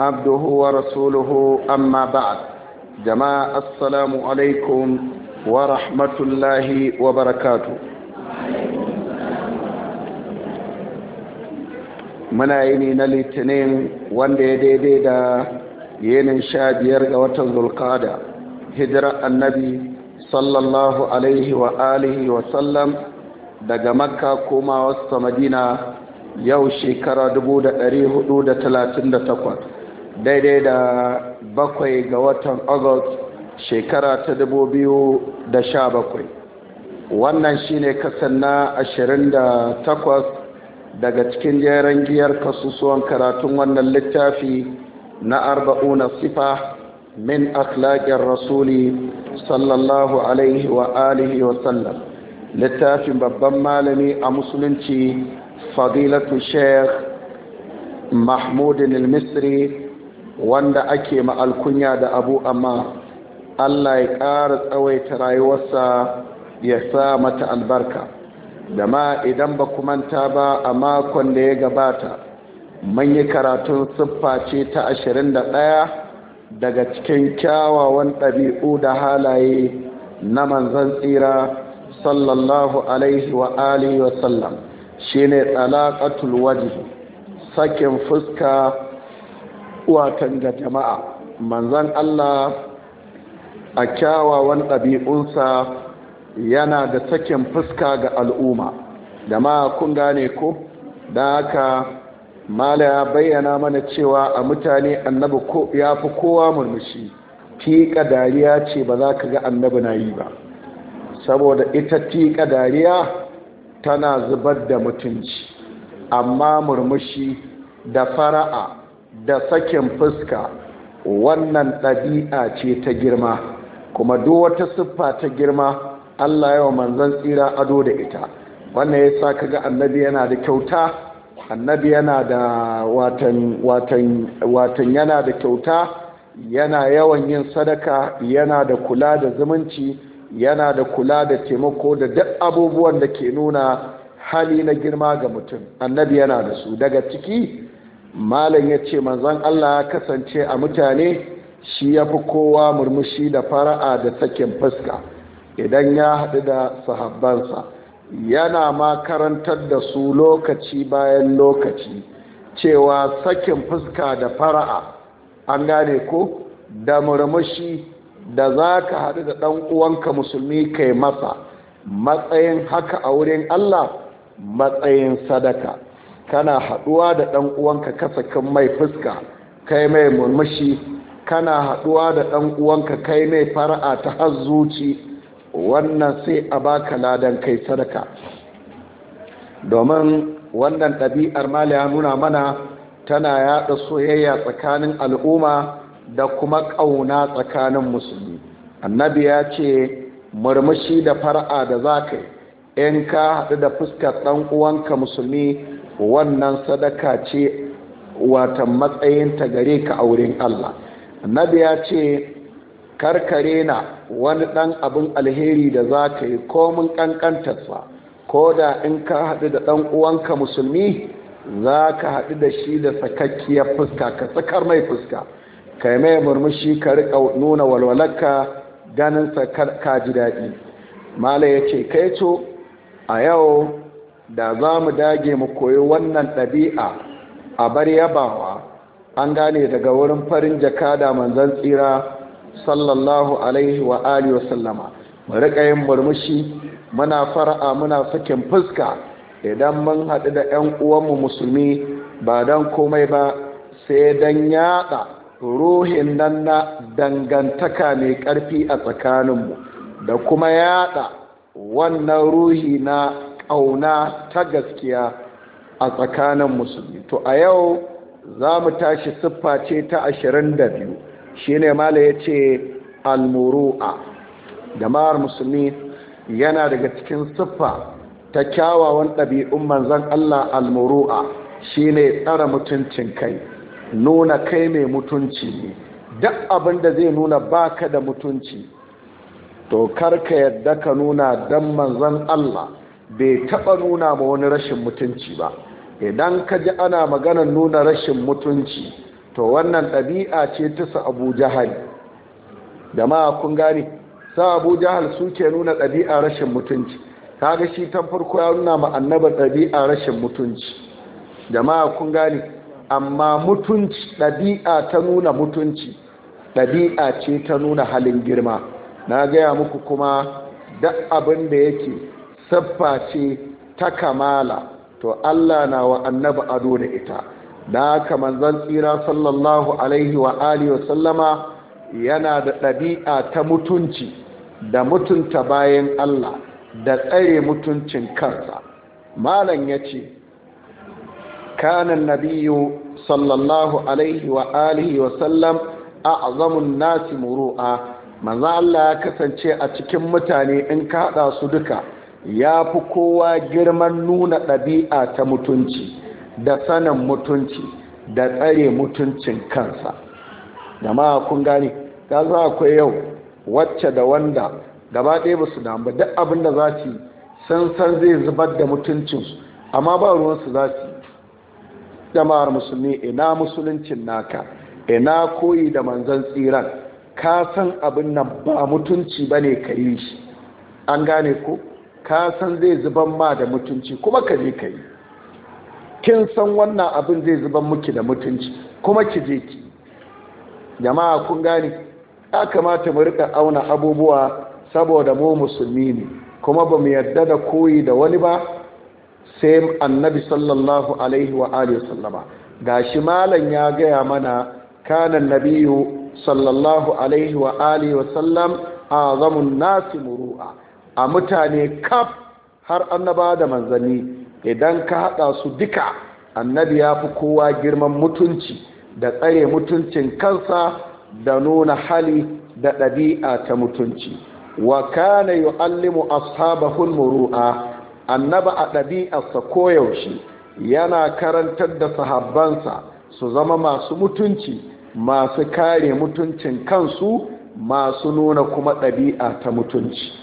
عبده ورسوله أما بعد جماعة السلام عليكم ورحمة الله وبركاته muna yini na litinin wanda ya daidai da yinin sha biyar ga watan zulkada hijirar annabi sallallahu alaihi wa wa sallam daga makka koma wasu madina yau shekara 438 daidai da bakwai ga watan august shekara ta dubu biyu da sha bakwai wannan shine kasan na ashirin da takwas daga cikin jeren giyar kasusuwan karatun wannan littafi na arba'una sifa min akhlaƙin rasuli sallallahu alaihi wa alihi wa sallam littafin babban malami a musulunci fadilatu sheikh mahmudin al-misri wanda ake ma'alkunya da abu amma allah ya ƙara tsawaita rayuwarsa ya sa mata albarka da ma idan ba manta ba a makon da ya gabata mun yi karatun siffa ta ashirin da ɗaya daga cikin kyawawan ɗabi'u da halaye na manzan tsira sallallahu alaihi wa alihi wa sallam ne tsalaƙatul wajhi sakin fuska watan ga jama'a manzan Allah a kyawawan ɗabi'unsa yana da sakin fuska ga al'umma da ma kun gane ko da haka mala ya bayyana mana cewa a mutane annabi ya fi kowa murmushi tiƙa dariya ce ba za ka ga annabi na yi ba saboda ita tiƙa dariya tana zubar da mutunci amma murmushi da fara'a da sakin fuska wannan ɗabi'a ce ta girma kuma duk wata siffa ta girma allah yawa manzan tsira ado da ita wannan ya sa kaga annabi yana da kyauta annabi yana da watan watan yana da kyauta yana yawan yin sadaka yana da kula da zumunci yana da kula da taimako da duk abubuwan da ke nuna hali na girma ga mutum annabi yana da su daga ciki malam ya ce manzan allah ya kasance a mutane shi ya fi kowa murmushi da fara'a da sakin fuska idan ya haɗu da sahabbansa yana ma karantar da su lokaci bayan lokaci cewa sakin fuska da fara'a an gane ko da murmushi da za ka haɗu da ɗan uwanka musulmi kai masa matsayin haka a wurin allah matsayin sadaka kana haɗuwa da ɗan uwanka kasakin mai fuska kai mai murmushi kana haɗuwa da ɗan uwanka kai mai fara'a ta har zuci wannan sai a baka ladan kai sadaka domin wannan ɗabi'ar maliya nuna mana tana yaɗa soyayya tsakanin al'umma da kuma ƙauna tsakanin musulmi annabi ya ce murmushi da fara'a da za ka in ka haɗu da fuskar ɗan uwanka musulmi wannan sadaka ce wata ta gare ka a wurin Allah annabi ya ce karkare na wani ɗan abin alheri da za ka yi komin kankantarsa ko da in ka haɗu da ɗan uwanka musulmi za ka haɗu da shi da sakakkiyar fuska ka sakar mai fuska ka yi mai murmushi ka riƙa nuna walwalarka ganin ka ji daɗi mala ya ce kai to a yau da za mu dage mu koyi wannan ɗabi'a a bar yabawa an gane daga wurin farin jakada manzan tsira sallallahu alaihi wa alihi wa sallama mu riƙa yin murmushi muna fara'a muna sakin fuska idan mun haɗu da 'yan uwanmu musulmi ba don komai ba sai don yaɗa ruhin nan na dangantaka mai ƙarfi a tsakaninmu da kuma yaɗa wannan ruhi na ƙauna ta gaskiya a tsakanin musulmi to a yau za mu tashi siffa ce ta ashirin da biyu shine mala ya ce almuru'a jama'ar musulmi yana daga cikin siffa ta kyawawan ɗabi'un manzan Allah almuru'a shine tsara mutuncin kai nuna kai mai mutunci ne duk abin da zai nuna baka da mutunci to karka yadda ka nuna don manzan Allah bai taɓa nuna ma wani rashin mutunci ba idan ka ji ana maganar nuna rashin mutunci to wannan ɗabi'a ce ta sa abu jahal jama'a kun gane sa abu jahal su ke nuna ɗabi'a rashin mutunci kaga shi ta farko ya nuna ma ɗabi'a rashin mutunci jama'a kun gane amma mutunci ɗabi'a ta nuna mutunci ɗabi'a ce ta nuna halin girma na gaya muku kuma duk abin da yake siffa ce ta kamala to Allah na wa annabi ado da ita da haka manzon tsira sallallahu alaihi wa alihi wa sallama yana da ɗabi'a ta mutunci da mutunta bayan Allah da tsare mutuncin kansa malam ya ce kanan nabiyu sallallahu alaihi wa alihi wa sallam a azamun nasi muru'a manzan Allah ya kasance a cikin mutane in ka hada su duka ya fi kowa girman nuna ɗabi'a ta mutunci da sanin mutunci da tsare mutuncin kansa Da ma kun gane ga za akwai yau wacce da wanda gaba ɗaya ba su damu duk abin da za su sun san zai zubar da mutuncinsu amma ba ruwansu za su jama'ar musulmi ina musuluncin naka ina koyi da manzan tsiran ka san abin nan ba mutunci ba ne ka yi shi an gane ko ka san zai zuban ma da mutunci kuma ka je ka yi kin san wannan abin zai zuban muki da mutunci kuma ki je ki jama'a kun gane ya kamata mu rika auna abubuwa saboda mu musulmi ne kuma ba mu yarda da koyi da wani ba sai annabi sallallahu alaihi wa alihi sallama gashi malam ya gaya mana kanan nabiyu sallallahu alaihi wa alihi wa sallam azamun nasi muru'a a mutane kaf har annaba da manzanni idan ka haɗa su duka annabi ya fi kowa girman mutunci da tsare mutuncin kansa da nuna hali da ɗabi'a ta mutunci wa kana yu'allimu ashabahul muru'a annaba a ɗabi'arsa koyaushe yana karantar da sahabbansa su zama masu mutunci masu kare mutuncin kansu masu nuna kuma ɗabi'a ta mutunci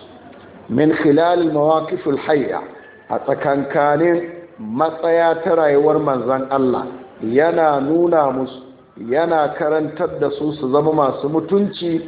min khilal mawaqif alhayya a tsakankanin matsaya ta rayuwar manzon Allah yana nuna musu yana karantar da su su zama masu mutunci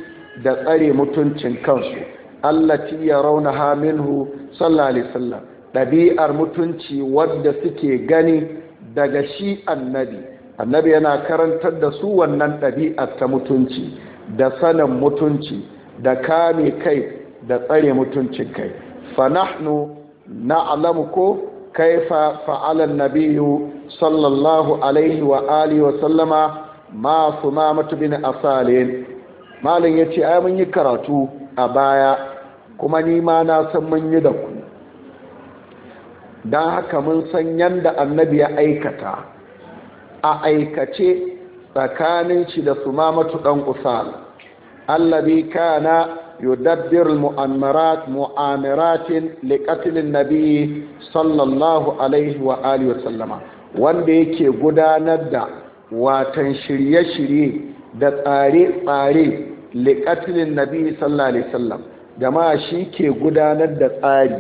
da tsare mutuncin kansu allati yarawnaha minhu sallallahu alaihi wasallam Dabi'ar mutunci wadda suke gani daga shi annabi annabi yana karantar da su wannan dabi'ar ta mutunci da sanin mutunci da kame kai da tsare mutuncin kai fa na alamu ko kaifa fa'alan nabiyyu sallallahu alaihi wa alihi wa sallama ma sumamatu bin asalin malin ce ai mun yi karatu a baya kuma ni ma na san mun yi da ku Don haka mun san yadda annabi ya aikata a aikace tsakanin shi da sumamatu dan usal allabi kana يدبر المؤامرات مؤامرات لقتل النبي صلى الله عليه وآله wanda yake gudanar da watan shirye-shirye da tsare-tsare liƙatilin nabi sallallahu alaihi wasallam shi ke gudanar da tsari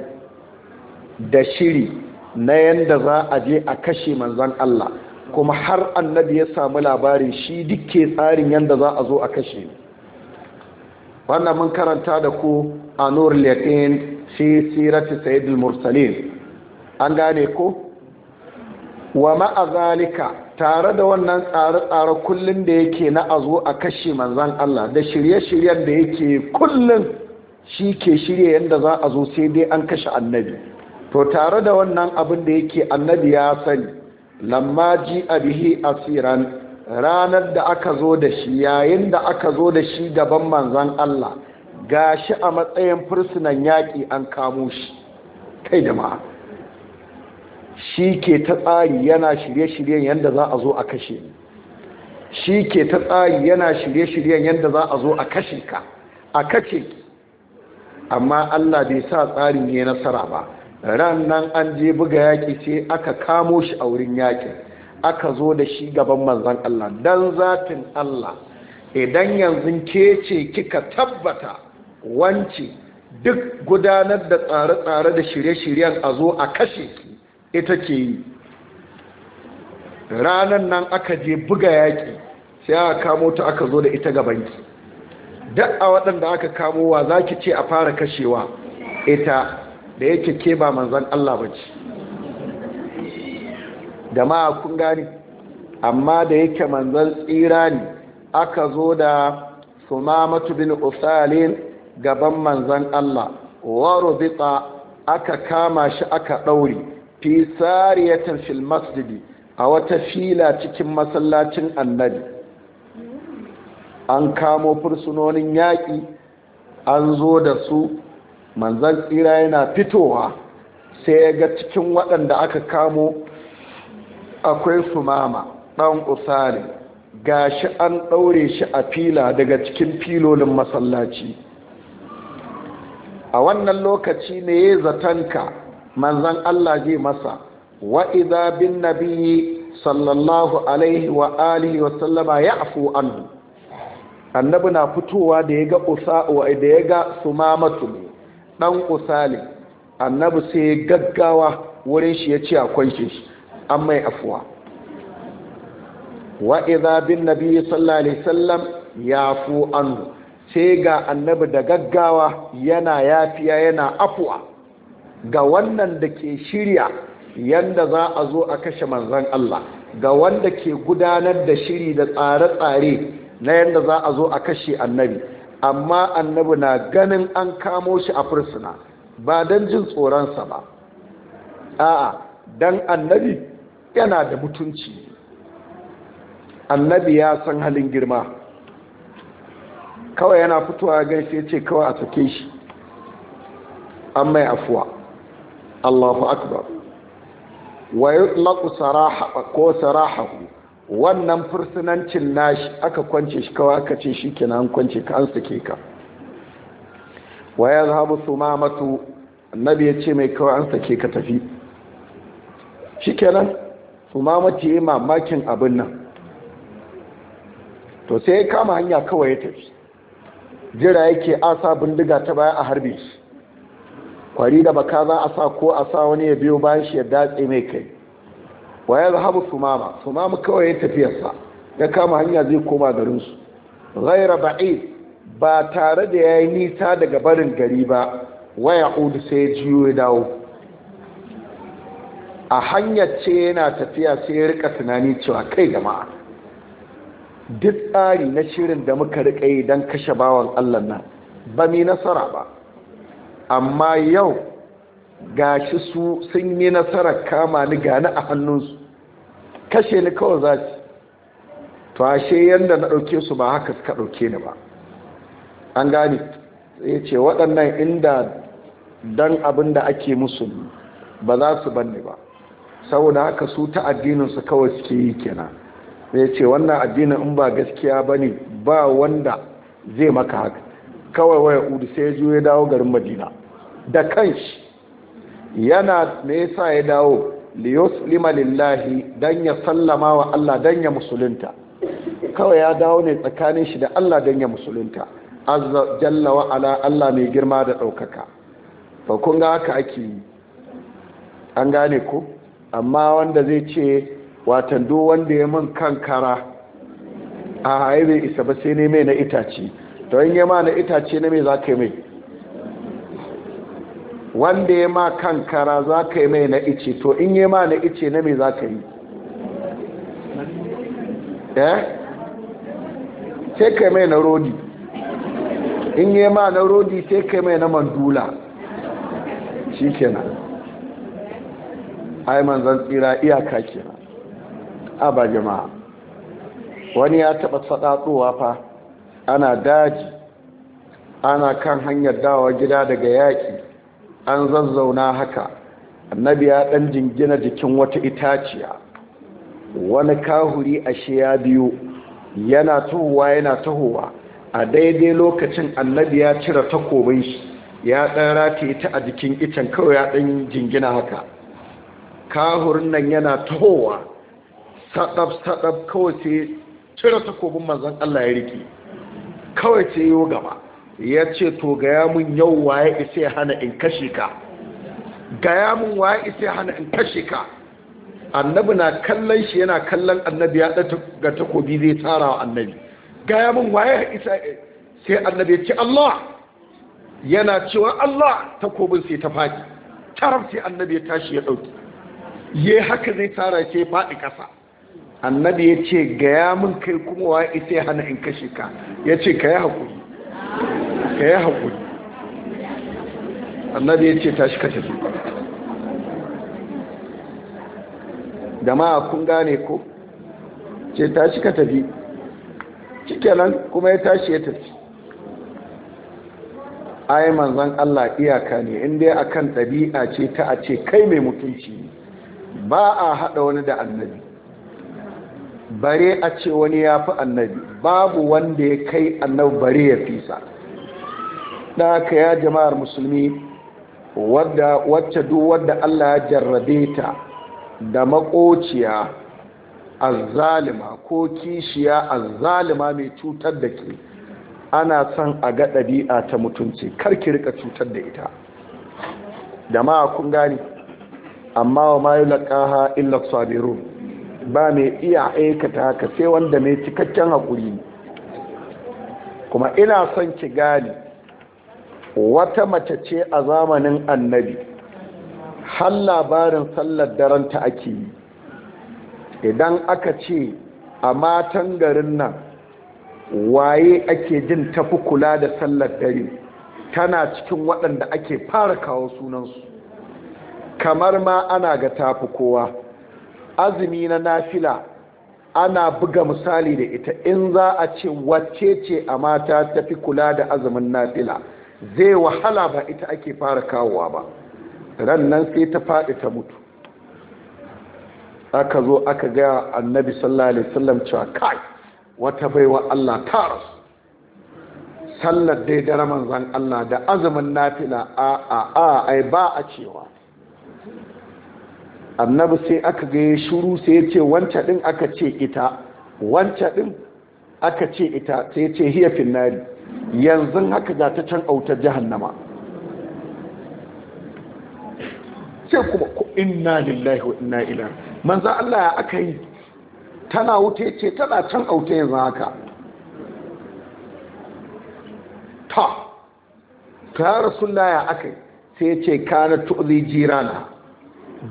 da shiri na yadda za a je a kashe manzon Allah kuma har annabi ya samu labarin shi dukke tsarin yadda za a zo a kashe wannan mun karanta da ku a nur yaqin shi sirati mursalin an gane ko wa ma'azalika, tare da wannan tsare-tsare kullum da yake na a a kashe manzan Allah da shirye-shiryen da yake kullum shi ke shirye yadda za a zo sai dai an kashe annabi to tare da wannan abin da yake annabi ya sani lamma ji a bihi asiran ranar da aka zo da shi yayin da aka zo da shi gaban manzan Allah ga shi a matsayin fursunan yaƙi an kamo shi kai jama'a shi ke ta tsari yana shirye-shiryen yadda za a zo a kashe shi ke ta tsari yana shirye-shiryen yadda za a zo a kashe ka a kace amma Allah bai sa tsarin ne nasara ba ran nan an je buga yaƙi ce aka kamo shi a wurin yaƙin aka zo da shi gaban manzan Allah don zafin Allah idan yanzu ke ce kika tabbata wance duk gudanar da tsare-tsare da shirye-shiryen a zo a kashe ki ita ke yi ranar nan aka je buga yaƙi sai aka kamo ta aka zo da ita gabanki duk a waɗanda aka kamowa za ki ce a fara kashewa ita da yake ke ba manzan Allah ba ce da ma kun gani amma da yake manzon tsira ne aka zo da sumamatu bin usalin gaban manzon Allah wa rubita aka kama shi aka ɗauri fi sariyatan fil masjidi a wata fila cikin masallacin annabi an kamo fursunonin yaƙi an zo da su manzan tsira yana fitowa sai ya ga cikin waɗanda aka kamo akwai sumama ɗan usari gashi an ɗaure shi a fila daga cikin filolin masallaci a wannan lokaci ne ya zatanka manzan Allah zai masa wa idza bin nabiyyi sallallahu alaihi wa alihi wa sallama afu anhu annabi na fitowa da ya ga da yaga sumamatu ne ɗan usali annabi sai gaggawa wurin shi ya ce akwai shi an mai afuwa wa idza bin nabi sallallahu alaihi wasallam fu anhu sai ga annabi da gaggawa yana yafiya yana afuwa ga wannan da ke shirya yanda za a zo a kashe manzon Allah ga wanda ke gudanar da shiri da tsare-tsare na yanda za a zo a kashe annabi amma annabi na ganin an kamo shi a fursuna ba don jin tsoronsa ba a'a don annabi yana da mutunci annabi ya san halin girma kawai yana fitowa gaishe ce kawai a sake shi an mai afuwa allahu akbar wa yutlaku saraha ko ku? wannan fursunancin nashi aka kwance shi kawai aka ce shi kenan an kwance ka an sake ka wa ya zahabu su mamatu annabi ya ce mai kawai an sake ka tafi shi umama ta yi mamakin abin nan to sai ya kama hanya kawai ya tafi jira yake asa bindiga ta baya a harbe shi kwari da baka za a sa ko a sa wani ya biyo bayan shi ya datse mai kai wa ya zahabu sumama sumama kawai ya tafi yasa. ya kama hanya zai koma garinsu ghaira ba'i ba tare da ya yi nisa daga barin gari ba waya udu sai ya jiyo ya dawo a hanyar ce yana tafiya sai ya rika tunani cewa kai jama'a duk tsari na shirin da muka rika yi don kashe bawan allah na, ba mai nasara ba amma yau gashi su sun yi nasarar kama ni gani a hannunsu kashe ni kawai za su to ashe yadda na ɗauke su ba haka suka ɗauke ni ba an gane ya ce waɗannan inda don abin da ake musu ba za su banne ba saboda haka su ta addinin addininsu kawai suke yi kenan ya ce wannan addinin in ba gaskiya ba ne ba wanda zai maka haka kawai waya udu sai ya ya dawo garin madina da kanshi yana ya sa ya dawo liyos limalillahi, don ya sallama wa Allah don ya musulunta kawai ya dawo ne tsakanin shi da Allah don ya musulunta azza jalla wa ala Allah mai girma da ɗaukaka Ba kun ga haka ake yi an gane ko amma wanda zai ce watan do wanda ya min kankara a haye bai isa ba sai ne mai na itace to in yama na itace na mai za ka yi mai wanda ya ma kankara za ka yi mai na ice to in yi ma na ice na mai za ka yi eh sai ka mai na rodi in yi ma na rodi sai ka mai na mandula shi kenan ai manzan tsira iyaka kenan a jama'a wani ya taɓa faɗaɗowa fa ana daji ana kan hanyar dawa gida daga yaƙi an zazzauna haka annabi ya ɗan jingina jikin wata itaciya wani kahuri ashe ya biyu yana tuhuwa yana tuhuwa a daidai lokacin annabi ya cire takobin shi ya ɗan rataye ta a jikin itan kawai ya ɗan jingina haka kahurin nan yana tahowa sadab-sadab kawai ce cire takobin manzan Allah ya riki kawai ce yiwu gaba ya ce to gaya mun yau waye isa hana in kashe ka gaya mun waye isa hana in kashe ka annabi na kallon shi yana kallon annabi ya ga takobi zai tsara wa annabi gaya mun waye isa sai annabi ya ce Allah yana cewa Allah takobin sai ta faɗi tarab sai annabi ya tashi ya ɗauki ye haka zai tara ce faɗi ƙasa annabi ya ce gaya min kai kuma wa ita hana in kashe ka ya ce ka yi haƙuri ka yi haƙuri annabi ya ce tashi kashe su jama'a kun gane ko ce tashi ka tafi nan kuma ya tashi ya tafi ai manzan Allah iyaka ne inda akan ɗabi'a ce ta a ce kai mai mutunci ne ba a haɗa wani da annabi bare a ce wani ya fi annabi babu wanda ya kai annabi bare ya fisa da aka ya jama'ar musulmi wacce duk wadda allah ya jarrabe ta da makociya azzalima ko kishiya azzalima mai cutar da ke ana son a ga ɗabi'a ta mutunci karki rika cutar da ita da ma kun gani amma wa ma yulqaha illa sabiru ba mai iya aikata haka sai wanda mai cikakken haƙuri. kuma ina son ki gani wata mace ce a zamanin annabi har labarin sallar daren ta ake yi idan aka ce a matan garin nan waye ake jin tafi kula da sallar dare tana cikin waɗanda ake fara kawo sunansu kamar ma ana ga tafi kowa azumi na nafila ana buga misali da ita in za a ce wacce ce a mata tafi kula da azumin nafila zai wahala ba ita ake fara kawowa ba rannan sai ta faɗi ta mutu aka zo aka gaya annabi sallallahu alaihi wasallam cewa kai wata baiwa Allah ta rasu sallar dai da manzan Allah da azumin nafila a a a ai ba a cewa annabi sai aka ga shuru sai ya ce wancan din aka ce ita wancan din aka ce ita sai ya ce hiya nari yanzu haka za ta can autar jahannama sai kuma ku inna lillahi wa inna ilaihi manzo Allah ya aka yi tana wuce ce tana can auta yanzu haka ta ta rasulullah ya aka yi sai ya ce kana tu'zi jirana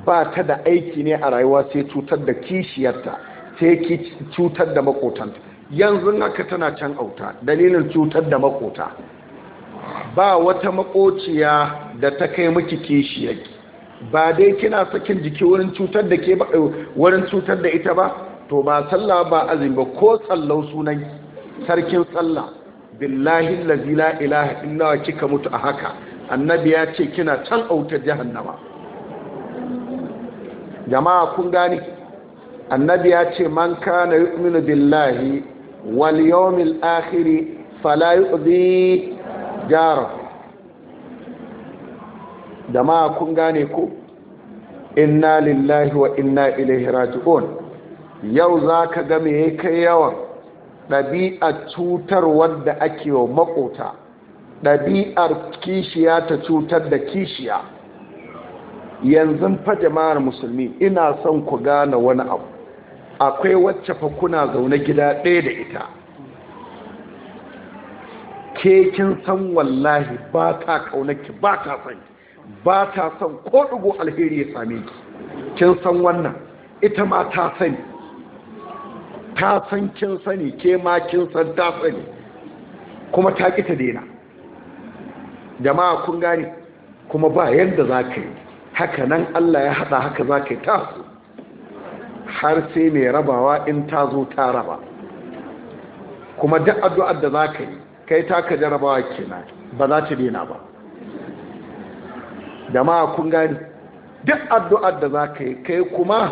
ba ta da aiki ne a rayuwa sai cutar da kishiyarta sai cutar da makotanta yanzu haka tana can auta dalilin cutar da makota ba wata makociya da ta kai miki kishiyarki ba dai kina sakin jiki wurin cutar da ke wurin cutar da ita ba to ba sallah ba azumi ba ko sallau sunan sarkin sallah billahi lazi la ilaha illa kika mutu a haka annabi ya ce kina can autar jahannama jama'a kun gani annabi ya ce man kana yu'minu billahi wal yawmil akhir fala yu'dhi jara jama'a kun gane ku? inna lillahi wa inna ilaihi raji'un yau zaka ga me kai yawan ɗabi'ar cutar wadda ake wa makota ɗabi'ar kishiya ta cutar da kishiya yanzu fa jama'ar musulmi ina son ku gane wani abu akwai wacce fa kuna zaune gida ɗaya da ita ke kin san wallahi ba ta kaunaki ba ta san ba ta san ko dugo alheri ya same ki kin san wannan ita ma ta sani ta san kin sani ke ma kin san ta sani kuma ta ki ta jama'a kun gane kuma ba yadda za ka yi haka nan Allah ya haɗa haka za ka yi taso har sai mai rabawa in ta zo ta raba kuma duk addu'ar da za ka yi kai taka jarabawa kenan ba za ta dina ba jama'a kun gani duk addu'ar da za ka yi kai kuma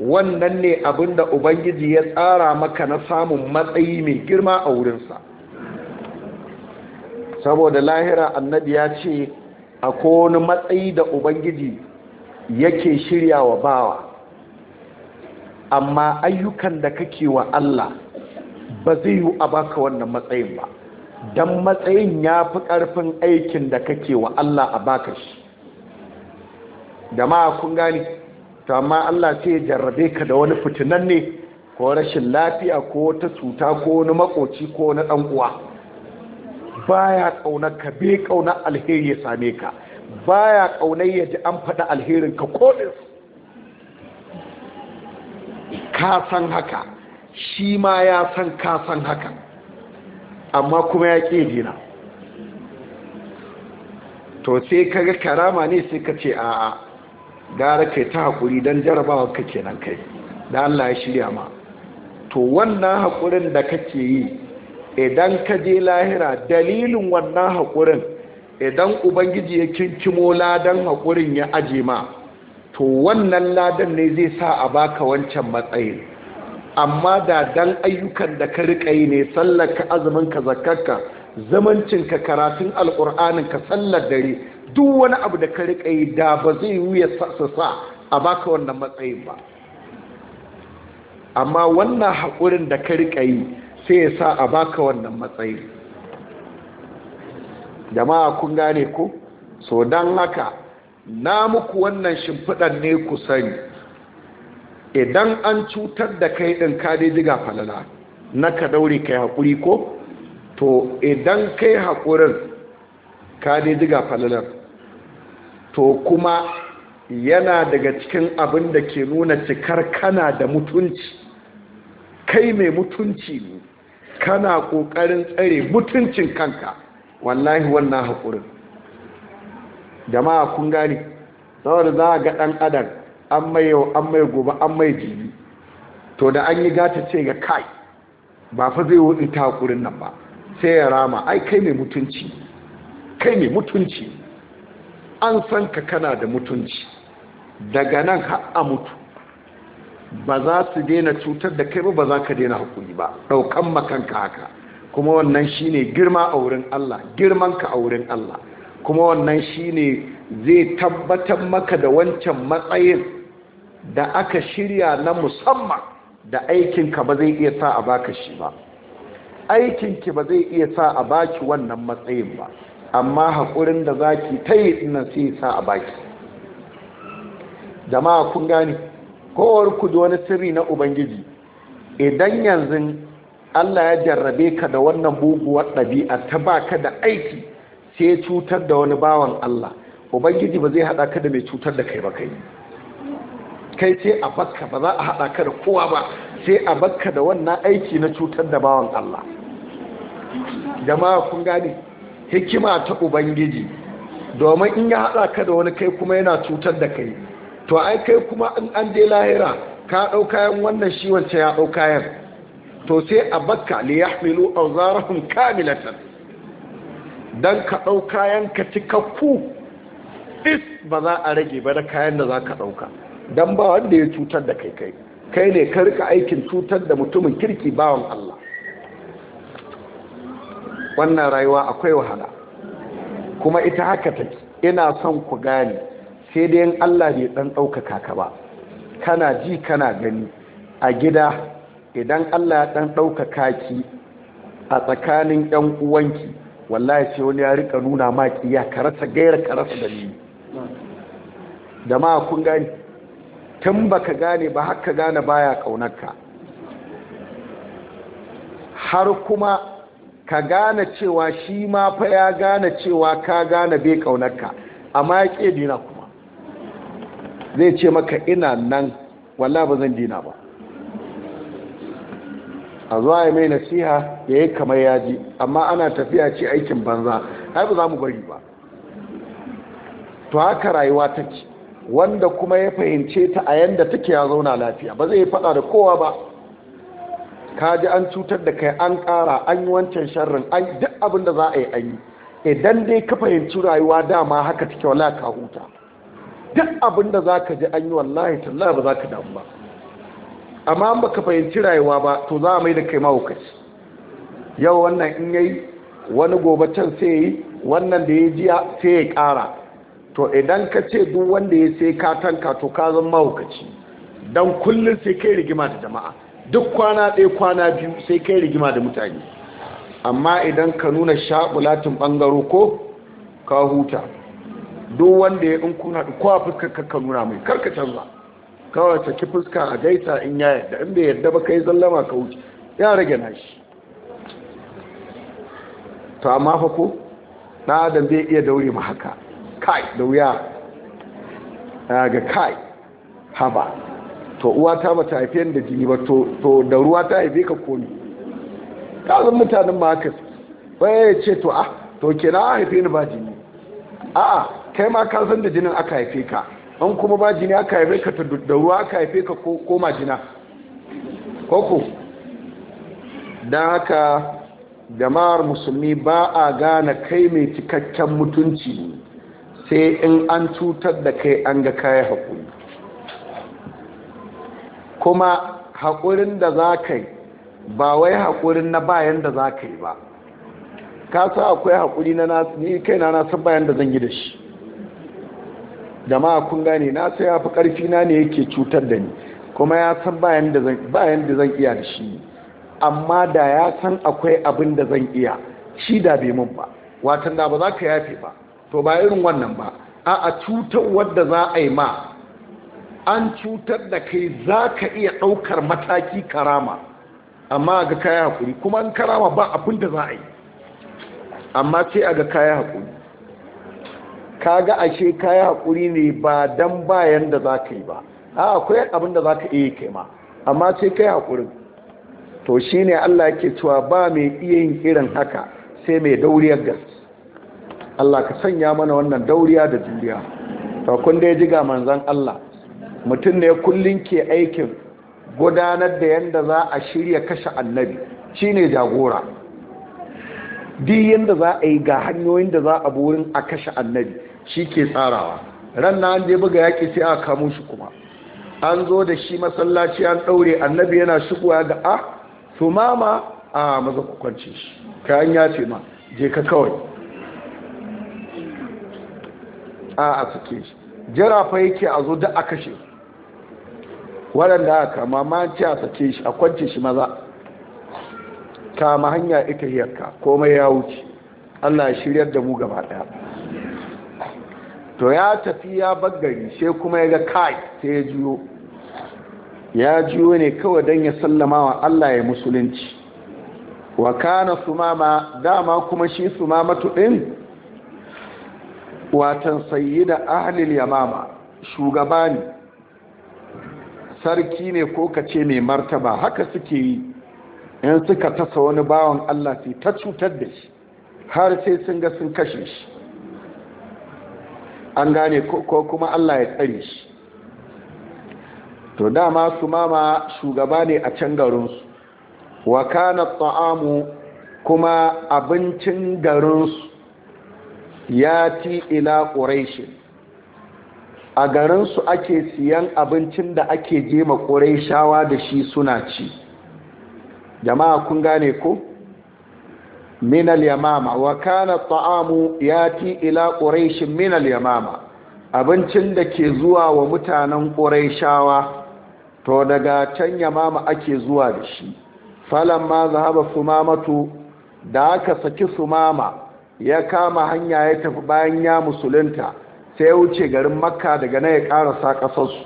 wannan ne abin da ubangiji ya tsara maka na samun matsayi mai girma a wurinsa saboda lahira annabi ya ce a wani matsayi da ubangiji yake shirya wa bawa amma ayyukan da kake wa Allah ba zai yi a baka wannan matsayin ba don matsayin ya fi ƙarfin aikin da kake wa Allah a baka shi da ma kun gani to amma Allah sai ya jarrabe ka da wani fitinan ne ko rashin lafiya ko ta cuta ko wani makoci ko wani ɗan uwa baya kaunar ka be kauna alheri ya same ka baya kaunar ya ji an faɗa alherin ka kodin ka san haka shi ma ya san ka san haka amma kuma ya ƙi jina to sai ka ga karama ne sai ka ce a'a gara kai ta haƙuri don jarabawa ka kenan kai da Allah ya shirya ma to wannan haƙurin da kake yi idan ka je lahira dalilin wannan haƙurin idan ubangiji ya kinkimo ladan haƙurin ya aje ma to wannan ladan ne zai sa a baka wancan matsayin amma da dan ayyukan da ka riƙa yi ne sallar ka azumin ka ka, zamancin ka karatun alƙur'anin ka sallar dare duk wani abu da ka riƙa yi da ba zai yi sa sa a baka wannan matsayin ba amma wannan haƙurin da ka riƙa yi sai ya sa a baka wannan matsayi jama'a kun gane ku so don haka na muku wannan shimfiɗan ne ku sani idan an cutar da kai ɗin kaɗe jiga falala na ka daure kai haƙuri ko to idan kai haƙurin kaɗe jiga falalar to kuma yana daga cikin abin da ke nuna cikar kana da mutunci kai mai mutunci ne kana kokarin tsare mutuncin kanka wallahi wannan haƙurin jama'a kun gani saboda za a ga ɗan adam an mai yau an mai gobe an mai jibi to da an yi gata ce ga kai ba fa zai wuɗi ta haƙurin nan ba sai ya rama ai kai mai mutunci kai mai mutunci an san ka kana da mutunci daga nan har a mutu ba za su daina cutar da kai ba ba za ka daina haƙuri ba ɗaukan makanka haka kuma wannan shine girma a wurin Allah girmanka a wurin Allah kuma wannan shine zai tabbatar maka da wancan matsayin da aka shirya na musamman da aikinka ba zai iya sa a baka shi ba aikinki ba zai iya sa a baki wannan matsayin ba amma haƙurin da za ki ta yi sai sa a baki jama'a kun gani kowar ku da wani sirri na ubangiji idan yanzu Allah ya jarrabe ka da wannan buguwar ɗabi'a ta baka da aiki sai cutar da wani bawan Allah ubangiji ba zai haɗa ka da mai cutar da kai ba kai kai sai a bakka ba za a haɗa ka da kowa ba sai a bakka da wannan aiki na cutar da bawan Allah jama'a kun gane hikima ta ubangiji domin in ya haɗa ka da wani kai kuma yana cutar da kai to ai kai kuma in an je lahira ka ɗau kayan wannan shi wancan ya ɗau kayan to sai a bakka li yahmilu awzarahum kamilatan dan ka ɗau kayan ka cikakku is ba za a rage ba da kayan da za ka ɗauka dan ba wanda ya cutar da kai kai kai ne ka rika aikin cutar da mutumin kirki bawan Allah wannan rayuwa akwai wahala kuma ita haka take ina son ku gane sai dai yin Allah bai dan ɗaukaka ka ba kana ji kana gani a gida idan Allah ya dan ɗaukaka ki a tsakanin 'yan uwanki wallahi sai wani ya rika nuna ma ya karasa gairar karasa dalili da ma kun gani tun baka gane ba haka gane baya kaunarka har kuma ka gane cewa shi ma fa ya gane cewa ka gane bai kaunarka amma ya ƙe dina ku zai ce maka ina nan wala ba zan dina ba a zuwa ya mai nasiha ya yi kamar yaji amma ana tafiya ce aikin banza haifu za mu bari ba to haka rayuwa take wanda kuma ya fahimce ta a yanda take ya zauna lafiya ba zai faɗa da kowa ba ka ji an cutar da kai an kara an yi wancan sharrin duk abin da za a yi an yi idan dai ka fahimci rayuwa dama haka take wala ka huta duk abin da za ka ji an yi wallahi tallahi ba za ka damu ba amma an baka fahimci rayuwa ba to za a mai da kai mahaukaci yau wannan in yayi wani gobe can sai yi wannan da ya jiya sai ya ƙara to idan ka ce duk wanda ya sai ka tanka to ka zan mahaukaci don kullum sai kai rigima da jama'a duk kwana ɗaya kwana biyu sai kai rigima da mutane amma idan ka nuna sha'ulatin ɓangaro ko ka huta duk wanda ya in kuna ko a fuskar kakka nuna mai karka canza kawai ta ki fuska a gaita in ya yadda in bai yadda ba kai zallama ka wuce ya rage nashi to amma fa ko na adam zai iya daure ma haka kai da wuya ga kai haba to uwa ta ba ta haife da jini ba to da ruwa ta haife ka koni ta zan mutanen ma haka Bai ya ce to ah to kenan haife ni ba jini a'a kai ma ka san da jinin aka haife ka an kuma ba jini aka haife ka da ruwa aka haife ka ko majina koko don haka jama'ar musulmi ba a gane kai mai cikakken mutunci sai in an cutar da kai an ga kayan haƙuri kuma haƙurin da za ka yi ba wai haƙurin na bayan da za ka yi ba ka sa akwai haƙuri na ni kai na san bayan da zan yi da shi jama'a kun gane na sai ya fi ƙarfi na ne yake cutar da ni kuma ya san bayan da zan iya da shi amma da ya san akwai abin da zan iya shi da bai mun ba watan da ba za ka yafe ba to ba irin wannan ba a a cutar wadda za a yi ma an cutar da kai za ka iya ɗaukar mataki karama amma ga kaya haƙuri kuma an karama ba abin da za a yi amma sai a ga kaya haƙuri Ka ga ashe kayi hakuri ne ba dan bayan da za ka yi ba a akwai abin da za ka iya kai ma amma sai kai hakuri to shine Allah yake cewa ba mai iya yin irin haka sai mai dauriyar gaske Allah ka sanya mana wannan dauriya da juriya to kun da ya ji ga manzon Allah mutum ne kullun ke aikin gudanar da yanda za a shirya kashe annabi shine jagora duk yanda za a yi ga hanyoyin da za a burin a kashe annabi shi ke tsarawa ran na an je buga yaƙi sai a kamo shi kuma an zo da shi masallaci an ɗaure annabi yana shigowa ga a ah, to mama a maza kwance shi kayan ya ce ma je ka kawai a a suke shi jarafa yake a zo da a kashe waɗanda kama ma ce a sake shi a kwance shi maza kama hanya ita hiyarka komai ya wuce allah ya shiryar da mu gaba ɗaya to ya tafi ya baggari sai kuma ya ga kai sai ya juyo ya juyo ne kawai don ya sallama wa Allah ya musulunci wa kana su mama, dama kuma shi su sumamatu tuɗin watan sayi da ya yamama shugaba ne sarki ne ko kace mai martaba haka suke yi in suka tasa wani bawon Allah sai ta cutar da shi har sai sun ga sun kashe shi an gane ko kuma Allah ya tsari shi to dama su mama shugaba ne a can garinsu wa kana ta'amu kuma abincin garinsu ya ti ila ƙureshi a garinsu ake siyan abincin da ake jema ƙuraishawa da shi suna ci jama'a kun gane ko? min al-yamama wa kana ta'amu yati ila quraish min al-yamama abincin da ke zuwa wa mutanen quraishawa to daga can yamama ake zuwa da shi falamma zahaba sumamatu da aka saki sumama ya kama hanya ya tafi bayan ya musulunta sai ya wuce garin makka daga na ya karasa ƙasarsu.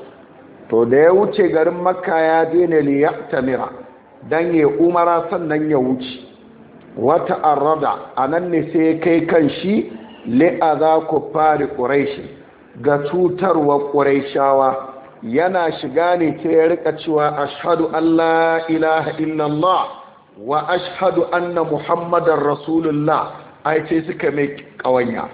to da ya wuce garin makka ya daina liya'tamira don ya umara sannan ya wuce wata arrada a nan ne sai ya kai kan shi za ku fari ƙuraishi ga cutarwa ƙuraishawa yana shiga ne sai ya rika cewa Ashadu Allah ilaha illallah wa ashadu anna Muhammadan rasulullah ai sai suka mai ƙawanya,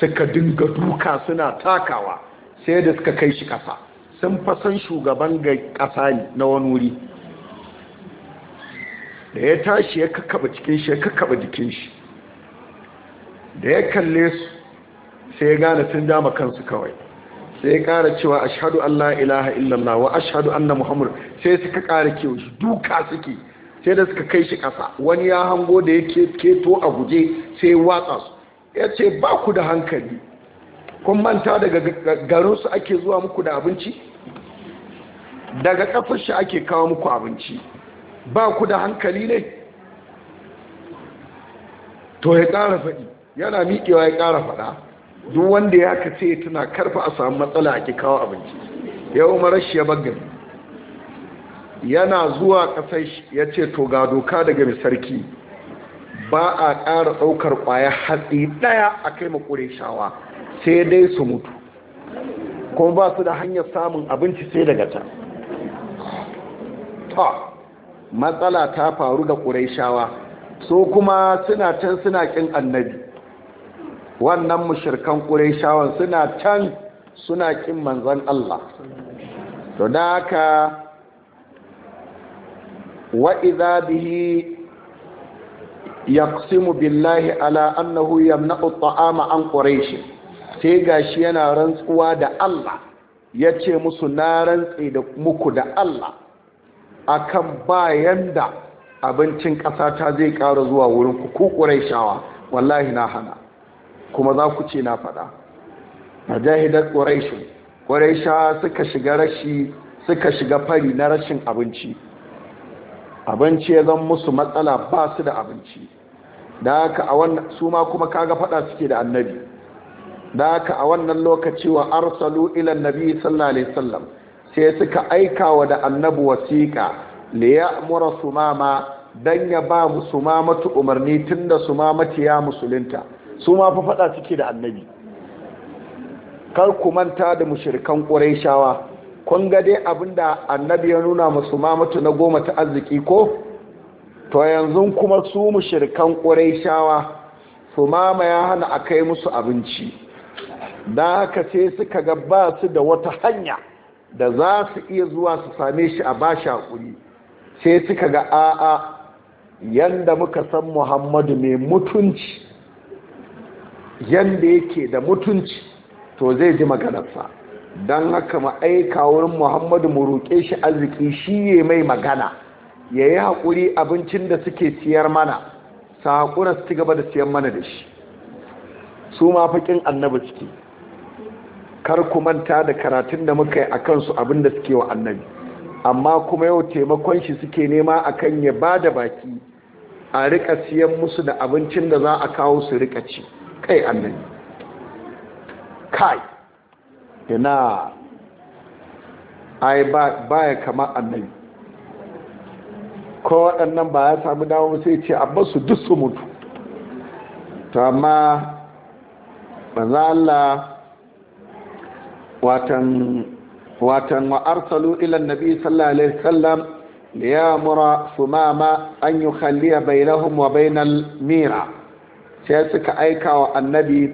suka dinga duka suna takawa sai da suka kai shi ƙasa sun fasan shugaban ga ƙasa ne na wani wuri da ya tashi ya kakaba cikin shi ya kakaba jikin shi da ya kalle su sai ya gane sun dama kansu kawai sai ya kara cewa ashadu shahadu Allah ilaha illallah wa shahadu annan muhammad sai suka kara kewa shi duka suke sai da suka kai shi kasa wani ya hango da ya keto a guje sai ya watsa su ya ce ba ku da hankali kun manta daga garinsu ake zuwa muku da abinci daga kafin shi ake kawo muku abinci ba ku da hankali ne to ya ƙara faɗi yana miƙewa ya ƙara faɗa duk wanda ya ka ce tana karfa a samu matsala a ke kawo abinci yau umarar shi ya bagari yana zuwa ƙasar ya ce to ga doka daga mai sarki ba a ƙara ɗaukar ƙwaya hatsi ɗaya a kai makure shawa sai dai su mutu kuma ba su da hanyar samun abinci sai daga ta matsala ta faru ga ƙuraishawa so kuma suna can suna ƙin annabi wannan mushirkan ƙuraishawan suna can suna ƙin manzan Allah to da haka wa'iza bihi yaqsimu billahi ala annahu yamna'u ta'ama an ƙuraishi sai gashi yana rantsuwa da Allah Ya ce musu na rantsi da muku da Allah akan bayan da abincin ƙasa ta zai ƙara zuwa wurin ku ku wallahi na hana kuma za ku ce na faɗa A jahidar ƙuraishin ƙuraishawa suka shiga rashi suka shiga fari na rashin abinci abinci ya zan musu matsala ba su da abinci da haka a wannan su ma kuma kaga faɗa suke da annabi da haka a wannan lokaci wa arsalu ilan nabi sallallahu alaihi wasallam sai suka aika wa da annabi wasiƙa ya mura sumama don ya ba mu sumamatu umarni tun da sumamati ya musulinta. su ma fi faɗa suke da annabi kar ku manta da mushirkan shawa, kun ga dai abinda annabi ya nuna ma sumamatu na goma ta arziki ko to yanzu kuma su mushirkan ƙuraishawa sumama Sumama ya hana a kai musu abinci da haka sai suka gabba su da wata hanya da za su iya zuwa su same shi a bashi shi haƙuri sai suka ga a'a yanda muka san muhammadu mai mutunci yanda yake da mutunci to zai ji maganarsa don haka ma'aika wurin muhammadu mu roƙe shi arziki shi ya mai magana ya yi haƙuri abincin da suke siyar mana su haƙura su ci gaba da siyan mana da shi su ma faƙin annabi ciki kar ku manta da karatun da muka yi a kansu abin da suke wa annabi amma kuma yau taimakon shi suke nema a kan ya ba da baki a rika siyan musu da abincin da za a kawo su rika ci kai annabi kai ina ai ba ya kama annabi ko waɗannan ba ya sami dawo sai ce a basu duk su mutu to amma za Allah watan watan wa arsalu ila nabi sallallahu alaihi wasallam liyamura sumama an yukhalliya bainahum wa bainal mira sai suka aika wa annabi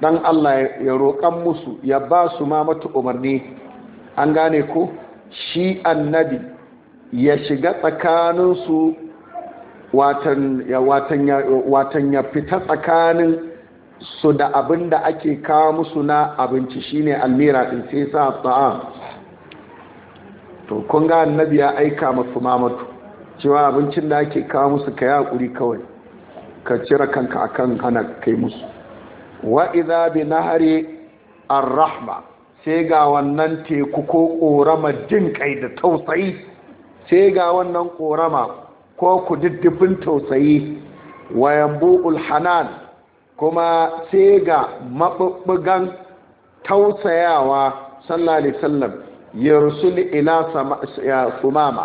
dan Allah ya roƙan musu ya ba su ma umarni an gane ku? shi annabi ya shiga tsakaninsu watan ya fita tsakanin su da abin da ake kawo musu na abinci shine almira din sai sa ta'a to kun ga annabi ya aika masu mamatu cewa abincin da ake kawo musu ka yaƙuri kawai ka cire kanka akan hana kai musu wa idza bi nahri ar-rahma sai ga wannan teku ko korama jin kai da tausayi sai ga wannan korama ko kudiddifin tausayi wa yambu'ul hanan kuma sai ga maɓuɓɓugan tausayawa sallallahu sallam ya rusuli ila sumama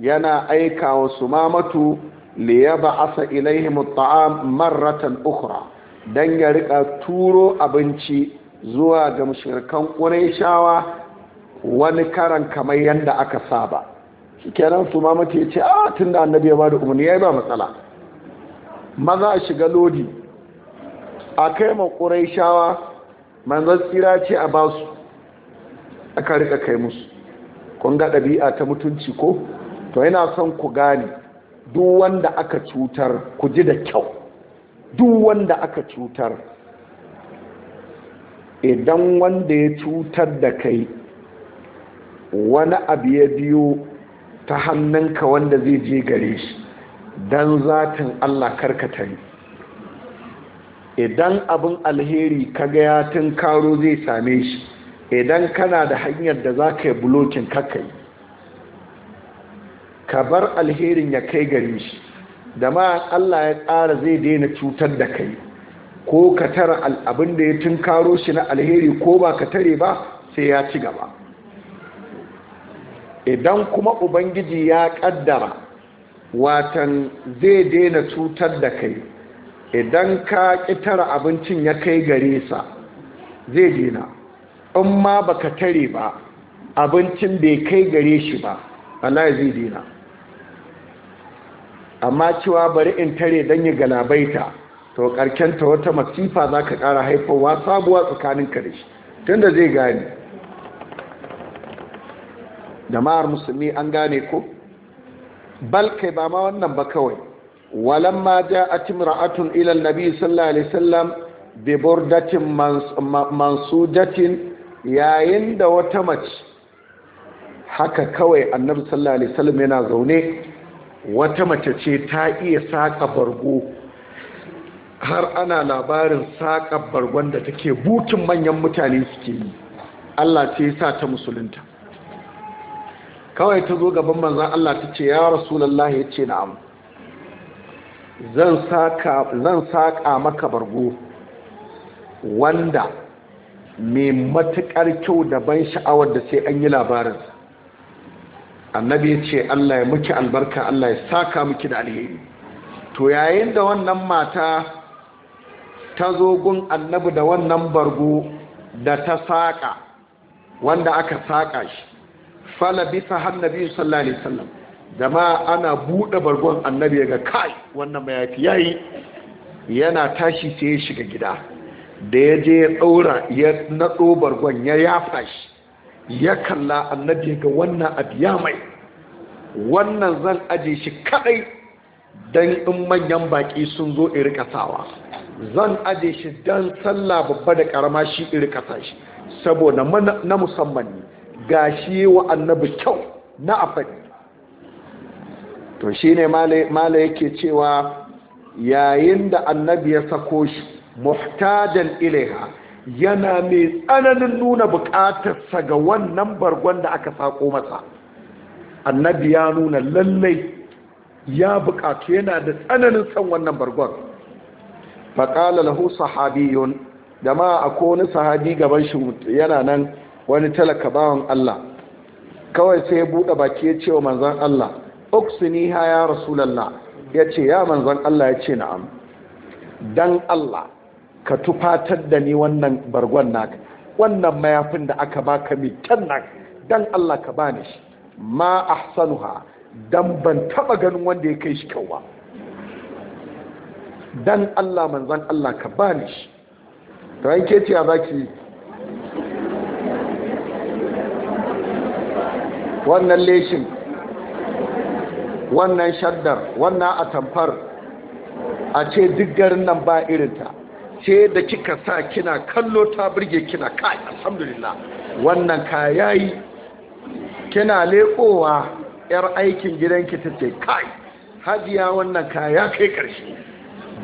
yana aika wa sumamatu liyaba asa ilaihi mutta'am marratan ukhra dan ya rika turo abinci zuwa ga mushrikan qurayshawa wani karan kamar yanda aka saba kenan sumamatu ya ce a ah, tunda annabi ya bada umarni yayi ba matsala maza a shiga lodi a kai ma ƙuraishawa manzan tsira ce a ba su aka rika kai musu kun ga ɗabi'a ta mutunci ko to yana son ku gane duk wanda aka cutar ku ji da kyau duk wanda aka cutar idan wanda ya cutar da kai wani abu ya biyo ta hannunka wanda zai je gare shi don zatin allah karkatari idan abin alheri ka kaga ya karo zai same shi idan kana da hanyar da za ka yi bulokin kakai ka bar alherin ya kai gari shi da ma allah ya tsara zai daina cutar da kai ko ka tara abin da ya tun karo shi na alheri ko ba ka tare ba sai ya ci gaba idan kuma ubangiji ya kaddara watan zai daina cutar da kai idan ka tara abincin ya kai gare sa zai dina in ma ba ka tare ba abincin bai kai gare shi ba Allah zai dina amma cewa bari in tare don yi galabaita to ta wata masifa za ka ƙara haifowa sabuwa tsakanin kare shi tunda zai gane jama'ar musulmi an gane ko balkai kai ba ma wannan ba kawai ولما جاءت امرأة إلى النبي صلى الله عليه وسلم ببردة منسوجة yayin da wata mace haka kawai annabi sallallahu alaihi yana zaune wata mace ce ta iya saka bargo har ana labarin saƙa bargon da take bukin manyan mutane suke yi Allah ce ya sa ta musulunta kawai ta zo gaban manzon Allah ta ce ya rasulullahi ya ce na'am zan saƙa maka bargo wanda mai matuƙar kyau da ban sha'awar da sai an yi labarin annabi ya ce allah ya muki albarka allah ya saka muki da alheri to yayin da wannan mata ta zo gun annabi da wannan bargo da ta saƙa wanda aka saƙa shi fala bisa hannabi sallallahu alaihi wasallam jama'a ana buɗe bargon annabi ga kai wannan mayafi yayi yana tashi sai ya shiga gida da ya je ya ɗaura ya natso bargon ya yafa shi ya kalla annabi ga wannan abiya mai wannan zan aje shi kaɗai don in manyan baƙi sun zo iri ƙasawa zan aje shi don sallah babba da karama shi iri kasa shi saboda na musamman ne ga shi wa annabi kyau na afadi to ne mala yake cewa yayin da annabi ya sako shi muhtajan ilaiha yana mai tsananin nuna bukatarsa ga wannan bargon da aka sako masa annabi ya nuna lallai ya bukatu yana da tsananin san wannan bargon faƙala lahu sahabiyun da ma a kone sahabi gaban shi yana nan wani talaka bawan Allah kawai sai ya buɗe baki ya ce wa manzan Allah ha ya rasulallah ya ce ya manzan Allah ya ce na'am dan Allah ka tufatar da ni wannan bargon naka wannan mayafin da aka baka ka naka dan Allah ka bani shi ma ahsanuha dan ban taba ganin wanda ya kai shi kyau ba dan Allah manzan Allah ka bani shi to ai ke tiya zaki wannan leshin wannan shaddar wannan atamfar a ce duk garin nan ba irinta ce da kika sa kina kallo ta birge kina kai alhamdulillah wannan ka kina lekowa yar aikin gidanki ta ce kai hajiya wannan kaya kai karshe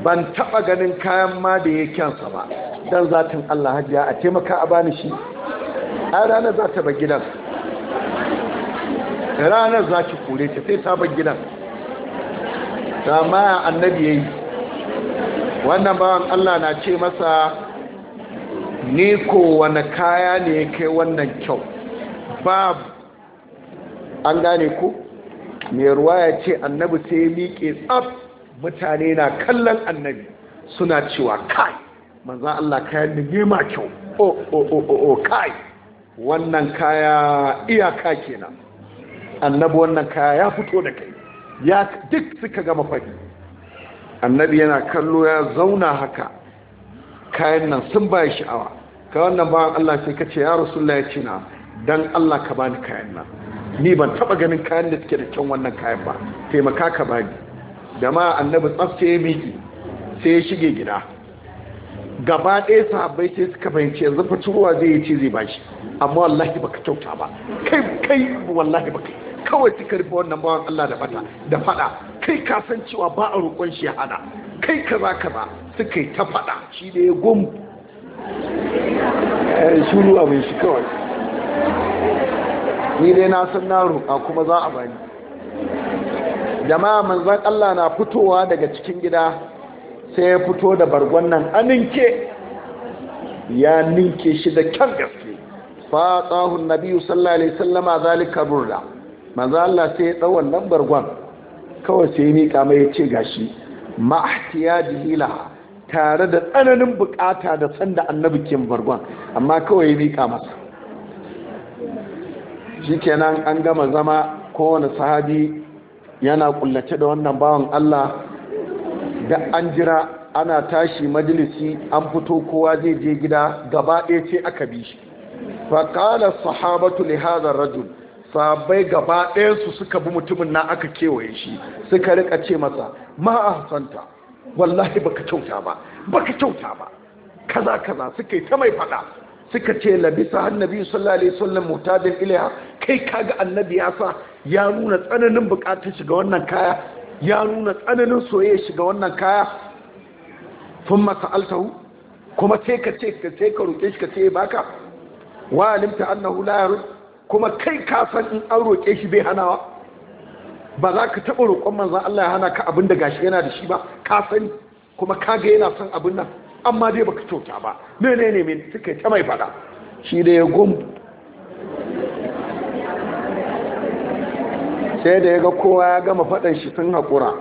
ban taba ganin kayan ma da ya kyansa ba dan zatin Allah hajiya a taimaka a bani shi a ranar za ta ba gidan Da ranar za ki kore ta sai sabon gidan sama annabi ya yi wannan bawan allah na ce masa ni ko wani kaya ne ya kai wannan kyau babu an gane ku mai ruwa ya ce annabi sai ya miƙe tsaf mutane na kallon annabi suna cewa kai manzan allah kayan da nema kyau o oh, o oh, o oh, o kai wannan kaya iyaka kenan annabi wannan kaya ya fito da kai ya duk suka gama fadi annabi yana kallo ya zauna haka kayan nan sun baya sha'awa ka wannan bawan Allah sai ka ce ya rasulullah ya ce na dan Allah ka bani kayan nan ni ban taba ganin kayan da suke da kyan wannan kayan ba taimaka ka bani da ma annabi tsafce ya miki sai ya shige gida gaba ɗaya sahabbai sai suka fahimci yanzu turuwa zai yi ce zai bashi amma wallahi baka kyauta ba kai kai wallahi baka kawai suka rufe wannan bawan Allah da fata da fada kai ka san cewa ba a roƙon shi ya hada kai kaza kaza suka yi ta fada shi da ya gom eh, shuru abin shi kawai ni dai na san na roƙa kuma za a bani jama'a manzan Allah na fitowa daga cikin gida sai ya fito da bargon nan aninke ya ninke shi da kyan gaske Fa fatahun nabiyu sallallahu alaihi sallama zalika burda manzo Allah sai ya dau wannan kawai sai ni kama ya ce gashi ma ihtiyaji tare da tsananin bukata da sanda annabi ke bargon amma kawai ya mika masa shikenan an gama zama kowane sahabi yana kullace da wannan bawan Allah da an jira ana tashi majalisi an fito kowa zai je gida gaba ɗaya ce aka bi shi faƙalar sahabatu li rajul sahabbai gaba ɗayansu suka bi mutumin na aka kewaye shi suka rika ce masa ma wallahi baka kyauta ba baka kyauta ba kaza kaza suka yi ta mai fada suka ce labisa annabi sallallahu alaihi wasallam mutadin ilaha kai kaga annabi ya sa ya nuna tsananin bukatar shiga wannan kaya ya nuna tsananin soyayya shiga wannan kaya thumma sa'altahu kuma sai ka ce ka sai ka roke shi ka ce baka wa alimta annahu la yarud kuma kai ka in an roƙe shi bai hanawa ba za ka taɓa roƙon manzan Allah ya hana ka abin da gashi yana da shi ba ka sani kuma ka ga yana son abin nan amma dai baka kyauta ba mene ne mai suka ta mai fada shi da ya gum sai da ya ga kowa ya gama fadan shi sun haƙura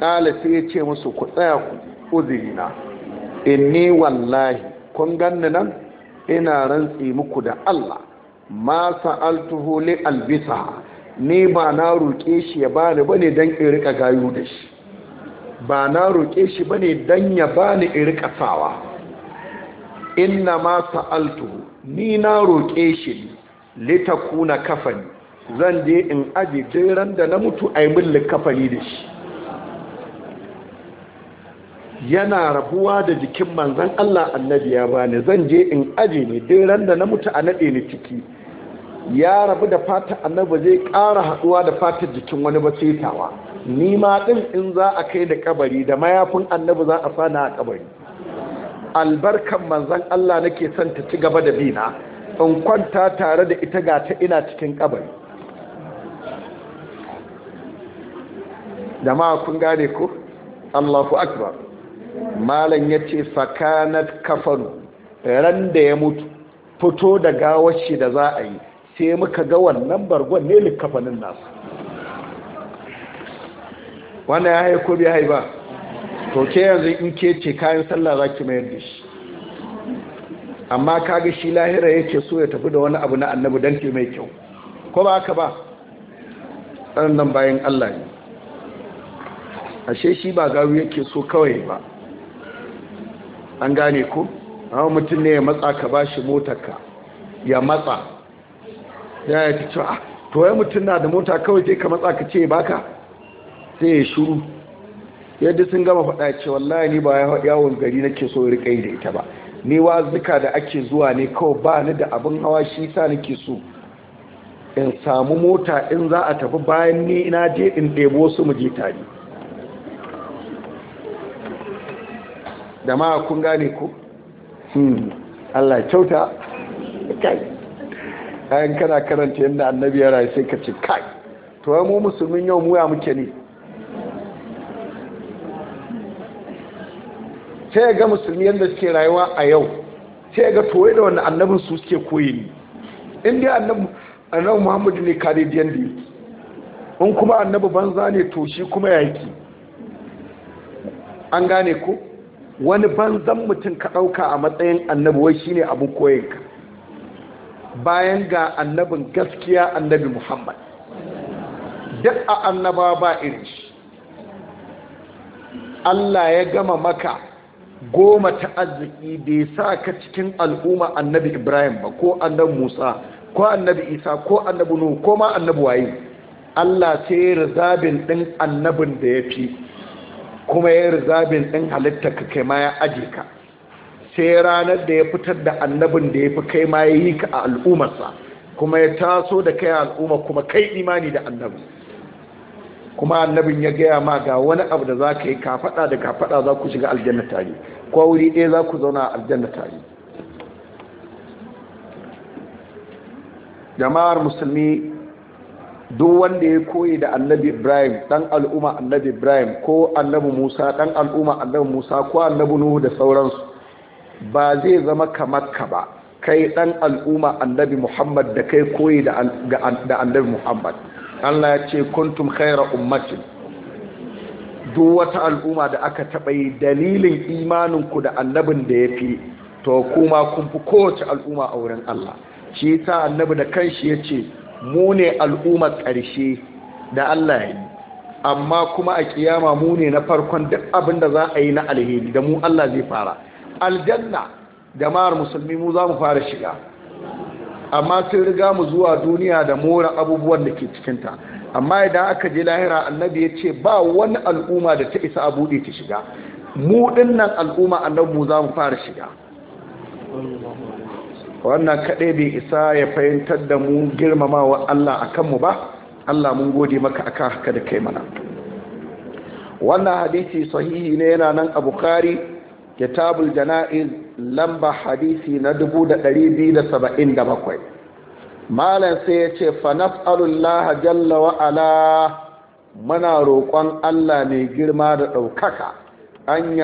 ƙala sai ya ce musu ku tsaya ku uzirina inni wallahi kun ganni nan ina rantsi muku da Allah ma sa'altuhu li albisa ne ba na roƙe shi ya bani bane dan in rika gayu da shi ba na roƙe shi bane dan ya bani in rika sawa inna ma sa'altuhu ni na roƙe shi li takuna kafani zan je in aje jiran da na mutu ai yi min kafani da shi yana rabuwa da jikin manzan Allah annabi ya bani zan je in aje ne duk da na mutu a nade ni ciki ya rabu da fata annaba zai ƙara haɗuwa da fatar jikin wani ba cetawa ni ma ɗin in za a kai da kabari da mayafin annabi za a sana a kabari albarkan manzan Allah nake son ta ci gaba da bina in kwanta tare da ita ga ta ina cikin kabari jama'a kun gane ku Allahu akbar malam yace sakanat kafanu ran da ya mutu fito da gawar shi da za a yi sai muka ga wannan bargon ne likafanin nasu wannan ya haiku bai hai ba to ke yanzu in ke ce kayan sallah za ki mayar da shi amma kaga shi lahira yake so ya tafi da wani abu na annabu don ke mai kyau ko ba haka ba nan bayan allah ne ashe shi ba garu yake so kawai ba an gane ku? a mutum ne ya matsa ka ba shi motarka ya matsa ya yi ta cewa ah, to wai mutum na da mota kawai sai ka matsa ka ce baka sai ya shuru yadda sun gama faɗa ce wallahi ni ba ya yawon gari nake so rika yi da ita ba ni wazuka da ake zuwa ne kawai ba ni da abin hawa shi sa ke so in samu mota in za a tafi bayan ni ina je in ɗebo su mu je tare da ma kun gane ko hmm. Allah kyauta kai bayan kana karanta yadda annabi ya rayu sai ka ce kai to ya mu musulmin yau mu ya muke ne sai ga musulmi yadda suke rayuwa a yau sai ga toye da wani annabin su suke koyi ne in dai annabi muhammadu ne kare da yake in kuma annabi banza ne to shi kuma ya yake an gane ko wani banzan mutum ka ɗauka a matsayin annabi wai shine abin koyinka bayan ga annabin gaskiya annabi muhammad duk a annaba ba iri shi allah ya gama maka goma ta arziki bai sa ka cikin al'umma annabi ibrahim ba ko annabi musa ko annabi isa ko annabi nuhu ko ma annabi waye allah sai ya rizabin din annabin da ya fi kuma ya rizabin ɗin halitta ka kai ma ya aje ka sai ranar da ya fitar da annabin da ya fi kai ma ya yi ka a al'ummarsa kuma ya taso da kai al'umma kuma kai imani da annabi kuma annabin ya gaya ma ga wani abu da za ka yi kafaɗa da kafaɗa za ku shiga aljanna tare ko wuri ɗaya za ku zauna a aljanna tare jama'ar musulmi duk wanda ya koyi da annabi ibrahim ɗan al'umma annabi ibrahim ko annabi musa ɗan al'umma annabi musa ko annabi nuhu da sauransu ba zai zama kamar ka ba kai dan al'umma annabi muhammad da kai koyi da annabi muhammad allah ya ce kuntum khaira ummatin duk wata al'umma da aka taɓa yi dalilin imaninku da annabin da ya fi to kuma kun fi kowace al'umma a wurin Allah shi ta annabi da kanshi ya ce mu ne al'umma ƙarshe da Allah ya yi amma kuma a kiyama mu ne na farkon duk abin da za a yi na alheri da mu Allah zai fara aljanna jama'ar musulmi mu za mu fara shiga amma sun riga mu zuwa duniya da mora abubuwan da ke cikinta amma idan aka je lahira annabi ya ce ba wani al'umma da ta isa a buɗe ta shiga mu dinnan al'umma annabi mu za mu fara shiga wannan kaɗai bai isa ya fahimtar da mu wa Allah a kanmu ba Allah mun gode maka kan haka da kai mana wannan hadisi sahihi ne yana nan a bukari kitabul jana'iz lamba hadisi na 2277 malam sai ya ce fanaf'alullaha jalla wa ala muna roƙon Allah mai girma da ɗaukaka an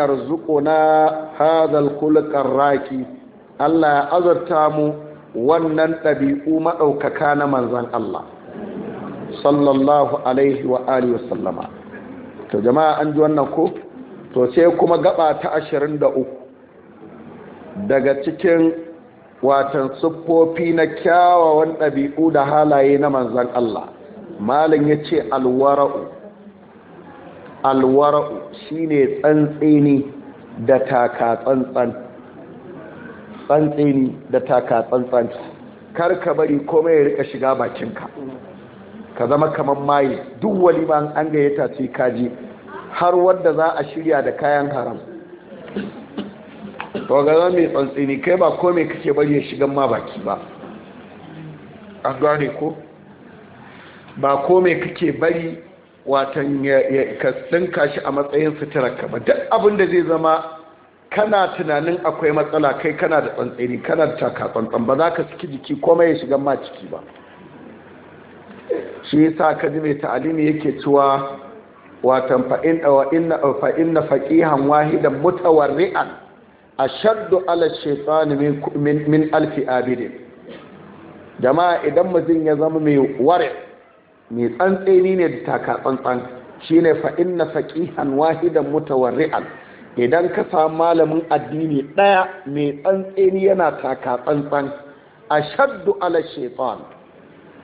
na hadal khulqar raki Allah ya azurta mu wannan ɗabi'u maɗaukaka na manzon Allah sallallahu alaihi wa alihi wasallama to jama'a an ji wannan ko to sai kuma gaba ta ashirin da uku daga cikin watan siffofi na kyawawan ɗabi'u da halaye na manzan Allah malin ya ce alwara'u alwara'u ne tsantsini da taka tsantsan tsantsini da taka tsantsan kar ka bari kome ya rika shiga bakinka ka zama kamar maye duk wani ba an gayyata sai kaji har wadda za a shirya da kayan haram to ga za mai tsantsini kai ba komai kake bari ya shigan ma baki ba a gane ko ba komai kake bari watan ya tsinka shi a matsayin suturarka ba duk abinda zai zama kana tunanin akwai matsala kai kana da tsantsini kana da taka tsantsan ba za ka saki jiki komai ya shigan ma ciki ba shi yasa ka ji mai ta'alimi yake cewa watan fa'inna faƙihan wahidan ri'an, a shaddu ala shaitani min alfi abidin jama'a idan mutum ya zama mai ware mai tsantseni ne da taka tsantsan shi ne fa'inna faƙihan wahidan ri'an, idan ka samu malamin addini ɗaya mai tsantseni yana taka tsantsan a shaddu ala shaitani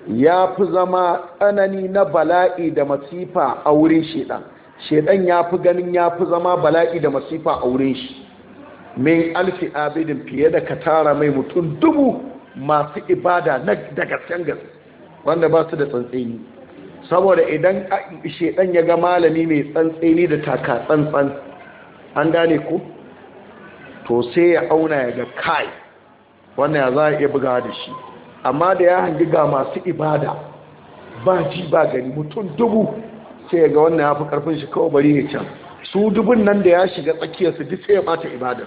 ya fi zama tsanani na bala'i da masifa a wurin shedan shedan ya fi ganin ya fi zama bala'i da masifa a wurin shi min alfi abidin fiye da katara mai mutum dubu masu ibada na daga gaske wanda ba su da tsantseni saboda idan shedan ya ga malami mai tsantseni da taka tsantsan an gane ku to sai ya auna ya ga kai wannan ya za a iya buga da shi amma da ya hangi ga masu ibada ba ji ba gani mutum dubu sai ga wannan ya fi karfin shi kawai bari ya can su dubun nan da ya shiga tsakiyarsu duk sai ya bata ibada.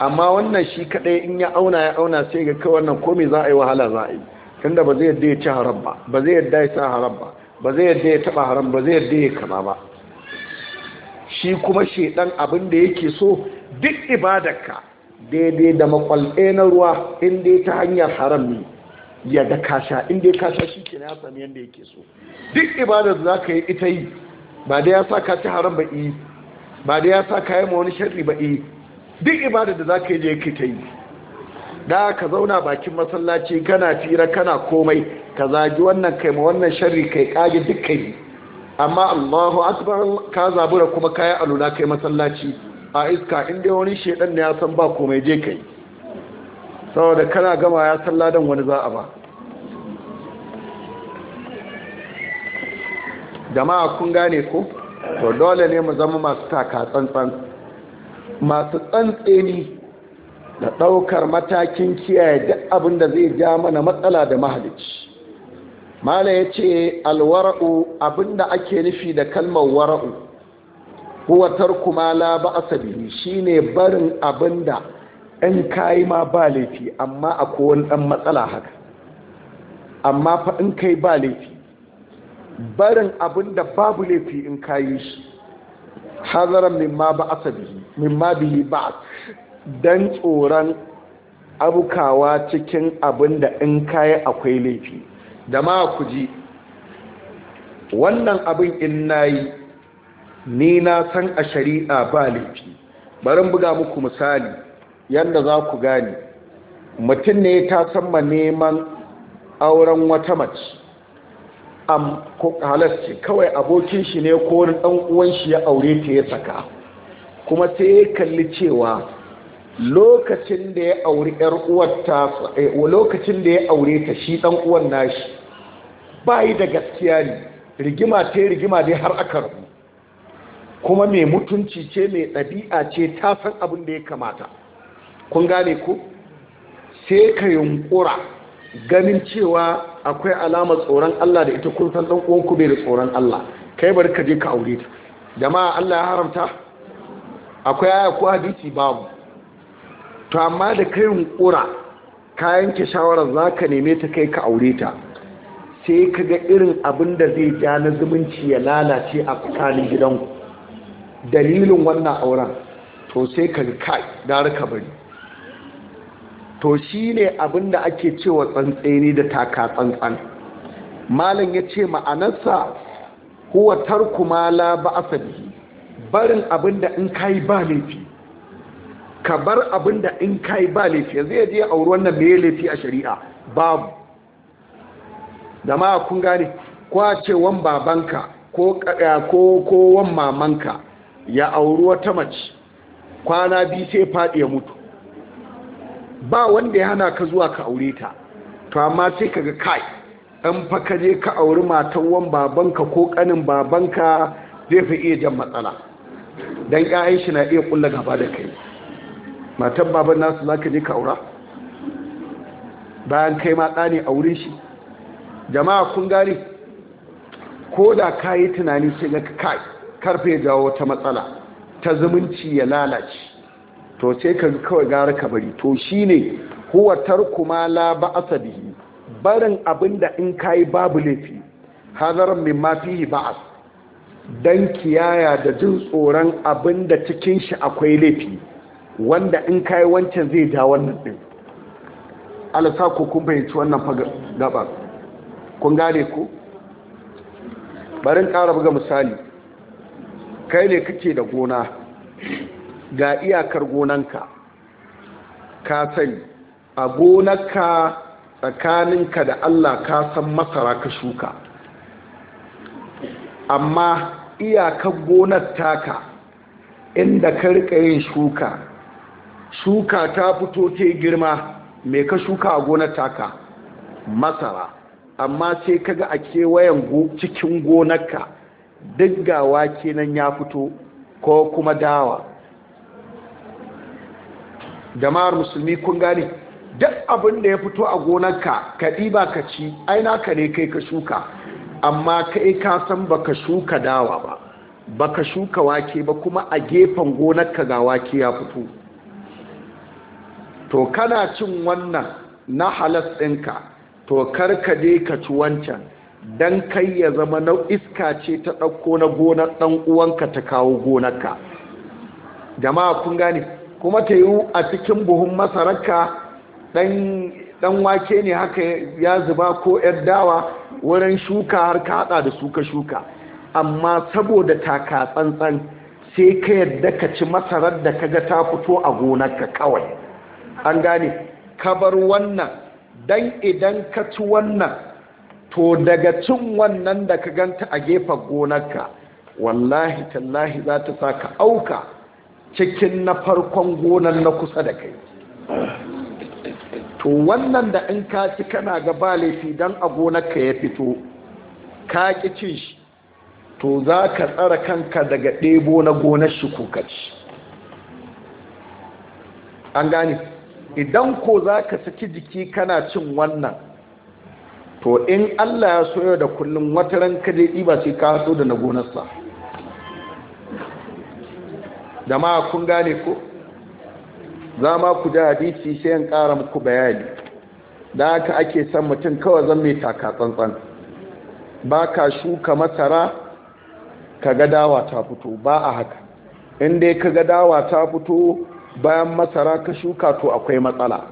amma wannan shi kadai in ya auna ya auna sai ga kawai wannan komai za a yi wahala za a yi tunda ba zai yadda ya ci haram ba ba zai yadda ya sa haram ba ba zai yadda ya taba haram ba zai yadda ya kama ba shi kuma shedan abin da yake so duk ibadarka daidai da makwalɗe na ruwa inda ta hanyar haram ne ya ga kasha inda ya kasha shi ke na ya sami yadda yake so duk ibadar za ka yi ita yi ba da ya sa ka ci haram ba yi ba da ya sa ka yi ma wani sharri ba yi duk ibadar da za ka yi je ka ta yi da ka zauna bakin masallaci kana fira kana komai ka zagi wannan kai ma wannan sharri kai kage duk kai amma Allahu akbar ka zabura kuma kayi aluna kai masallaci a iska inda wani shaidan ne ya san ba komai je kai saboda kana gama ya san ladan wani za a ba jama'a kun gane ko to dole ne mu zama masu taka tsantsan masu tsantseni da ɗaukar matakin kiyaye duk abin da zai ja mana matsala da mahalici mala ya ce alwara'u abinda ake nufi da kalmar wara'u huwa tarku ma la ba'sa bihi shine barin abinda in kai ma ba laifi amma akwai wani dan matsala haka amma fa in kai ba laifi barin abinda babu laifi in kai shi hazaran mimma ba'sa bihi mimma bihi ba'd dan tsoran abukawa cikin abinda in kai akwai laifi da ma ku ji wannan abin in nayi ni na san a shari'a ba laifi barin buga muku misali yadda za ku gani mutum ne ta samma neman auren wata mace Am halarci kawai abokin shi ne ko wani dan uwan shi ya aure ta ya saka kuma sai ya kalli cewa lokacin da ya aure yar uwar ta eh, lokacin da ya aure ta shi ɗan uwan nashi bayi da gaskiya ne rigima ta rigima dai har aka rubu kuma mai mutunci ce mai ɗabi'a ce ta san abin da ya kamata kun gane ku sai ka yunkura ganin cewa akwai alamar tsoron Allah da ita kun san ɗan uwanku bai da tsoron Allah kai bari ka je ka aure ta jama'a Allah ya haramta akwai aya ko hadisi babu to amma da kai yunkura ka yanke shawarar za ka neme ta kai ka aure ta sai ka ga irin abin da zai ja na zumunci ya lalace a tsakanin gidanku dalilin wannan auren to sai ka kai gara ka bari to shi ne abin ake cewa tsantseni da taka tsantsan malam ya ce ma'anarsa huwa tarku la ba asabi barin abin in kai ba laifi ka bar abin da in kai ba laifi yanzu ya je a wurin wannan mai laifi a shari'a babu da ma kun gane kwa ce wan babanka ko eh, ko wan mamanka ya auri wata mace kwana biyu sai faɗi ya mutu ba wanda ya hana ka zuwa ka aure ta to amma sai ga kai ɗan fa ka je ka auri matan wan babanka ko ƙanin babanka zai fi iya jan matsala don ƴaƴan shi na iya ƙulla gaba da kai matan baban nasu za ka je ka aura bayan kai ma ɗani a wurin shi jama'a kun gane ko da ka yi tunani sai ga kai karfe jawo ta matsala ta zumunci ya lalace to sai ka kawai gara ka bari to shine huwa tarku ma la ba'sa bihi barin abinda in kai babu laifi hadar min ma fihi ba'as dan kiyaya da jin tsoron abinda cikin shi akwai laifi wanda in kai wancan zai ja wannan din alasa ko kun fahimci wannan gaba kun gane ku barin ƙara buga misali kai ne kake da gona ga iyakar gonanka ka sani a gonarka tsakaninka da allah ka san masara ka shuka amma iyakar gonar taka inda ka rika yin shuka shuka ta fito ta girma mai ka shuka a gonar taka masara amma sai kaga a kewayen cikin gonarka duk ga wake nan ya fito ko kuma dawa jama'ar musulmi kun gane duk abin da ya fito a gonarka ka ɗiba ka ci aina ka ne kai ka shuka amma kai ka san baka shuka dawa ba baka shuka wake ba kuma a gefen gonarka ga wake ya fito to kana cin wannan na halas ɗinka to karka dai ka ci wancan Dan kai ya zama na iska ce ta ɗauko na gonar ɗan uwanka ta kawo gonarka jama'a kun gane kuma ta yi a cikin buhun masararka ɗan wake ne haka ya zuba ko ‘yar dawa wurin shuka har ka haɗa da shuka-shuka amma saboda taka tsantsan sai ka yadda ka ci masarar da ka ga ta fito a gonarka kawai an gane ka bar wannan don idan ka ci wannan to daga cin wannan da ka ganta a gefen gonarka wallahi tallahi za ta sa ka auka cikin na farkon gonar na kusa da kai to wannan da in ka ci kana ga ba laifi don a gonarka ya fito ka ƙi cin shi to za ka tsara kanka daga ɗebo na gonar shi ci. an gane idan ko za ka saki jiki kana cin wannan to in Allah ya soya da kullum wata ran ka diba sai ka so da na gonarsa da ma kun gane ko za ma ku da hadisi sai yan ƙara muku bayani da haka ake san mutum kawai zan mai taka tsantsan ba ka shuka masara ka ga dawa ta fito ba a haka in dai ka ga dawa ta fito bayan masara ka shuka to akwai matsala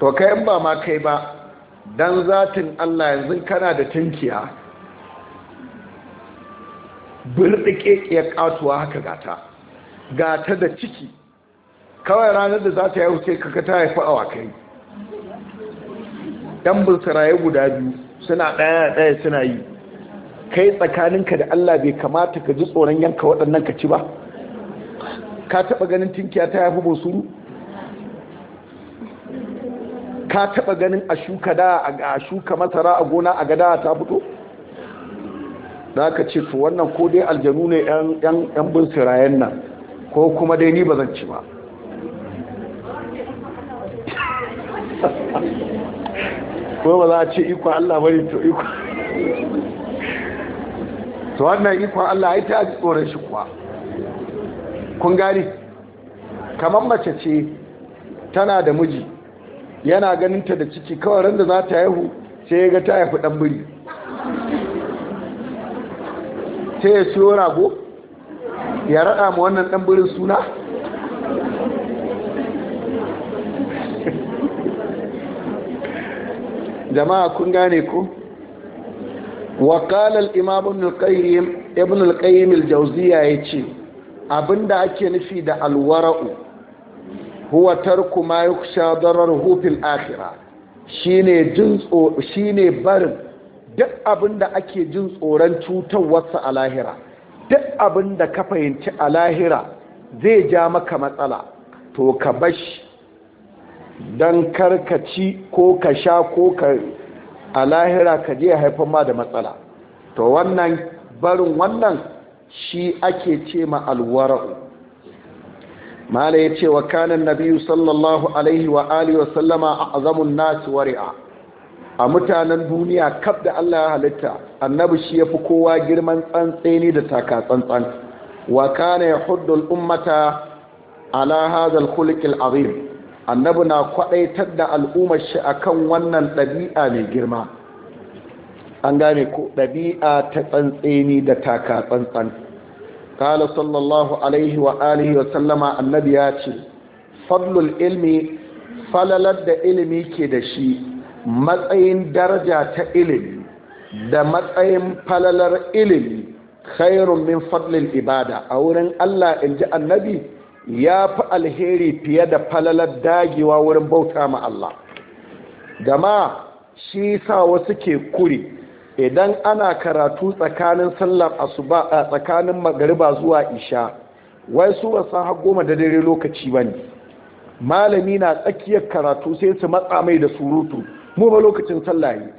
to kai in ba ma kai ba dan zatin Allah yanzu kana da tunkiya birɗike ya katuwa haka gata gata da ciki kawai ranar da za ta yi sai kaka ta haifi awakai ɗan bursaraye guda biyu suna ɗaya ɗaya suna yi kai tsakaninka da Allah bai kamata ka ji tsoron yanka waɗannan ka ci ba ka taɓa ganin tinkiya ta haifi bosuru ka taba ganin a shuka da a shuka masara a gona a gada ta fito da ka ce to wannan ko dai aljanu ne yan bin sirayen nan ko kuma dai ni ba zan ci ba ko ba za a ce ikon Allah bari to ikon to wannan ikon Allah ya ta ji tsoron shi kuwa kun gani kamar mace ce tana da miji yana ganinta da ciki kawai randa za ta haihu sai ya ga ta yafi dan biri sai ya siyo rago ya raɗa ma wannan dan birin suna jama'a kun gane ku wakalar imamun ibn al-qayyim al-jauziya ya ce abinda ake nufi da alwara'u huwa tarku ma darar dararhu fil akhirah shine jin shine barin duk abinda ake jin tsoron cutar a lahira duk da ka fahimci a lahira zai ja maka matsala to ka bashi don karkaci ko ka sha ko ka a ka je haifar ma da matsala to wannan barin wannan shi ake ce ma alwara'u mala ya ce wa kanan nabiyu sallallahu alaihi wa alihi wa sallama a azamun nasu wari'a a mutanen duniya kaf da Allah ya halitta annabi shi ya fi kowa girman tsantseni da taka tsantsan wa kana ya huddul ummata ala hazal khuliqil azim annabi na kwadaitar da al'ummar shi akan wannan ɗabi'a mai girma an gane ko ɗabi'a ta tsantseni da taka tsantsan قال صلى الله عليه وآله وسلم النبي ياتي فضل العلم falalar da ilimi ke da shi matsayin daraja ta ilimi da matsayin falalar ilimi khairun min fadlin ibada a wurin Allah in ji annabi ya fi alheri fiye da falalar dagewa wurin bauta ma Allah gama shi sa wasu ke kuri idan ana karatu tsakanin sallar asuba a tsakanin magariba zuwa isha wai su ba har goma da dare lokaci ba ne malami na tsakiyar karatu sai su matsa mai da surutu mu ba lokacin sallah ne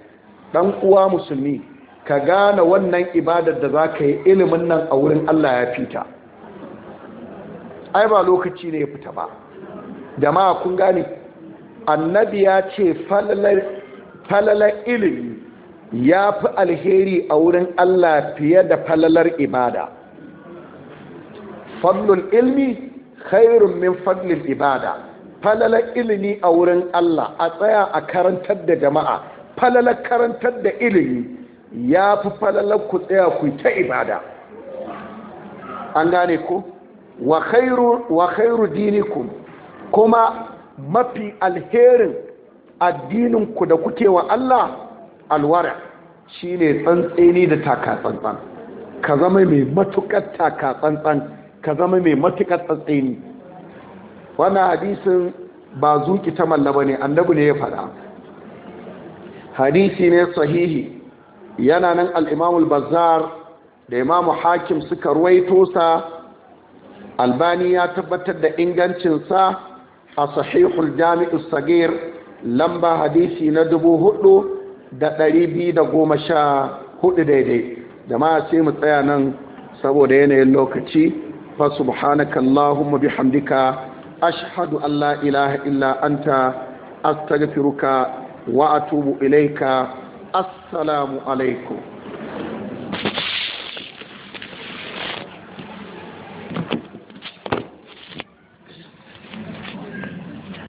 dan uwa musulmi ka gane wannan ibadar da za ka yi ilimin nan a wurin allah ya fita ai ba lokaci ne ya fita ba jama'a kun gane annabi ya ce falalar ilimi ya fi alheri a wurin Allah fiye da falalar ibada fadlul ilmi khairun min fadlil ibada falalar ilimi a wurin Allah a tsaya a karantar da jama'a falalar karantar da ilimi ya fi falalar ku tsaya ku ta ibada an gane ku wa khairu dinikum kuma mafi alherin addininku da kuke wa Allah alwara shine tsantseni da tsantsan. ka zama mai matukar takatsantsan ka zama mai matukar tsantseni wannan hadisin ba zuki ta mallaba ne annabi ne ya faɗa hadisi ne sahihi yana nan al'imamul bazar bazzar da imamu hakim suka ruwaito sa albani ya tabbatar da ingancinsa a sahihul jami'us sagir lamba hadisi na dubu hudu da ɗari biyu da goma sha hudu daidai jama'a sai mu tsaya nan saboda yanayin lokaci fa subhanaka allahumma bihamdika ashhadu an la ilaha illa anta astaghfiruka wa atubu ilaika assalamu alaikum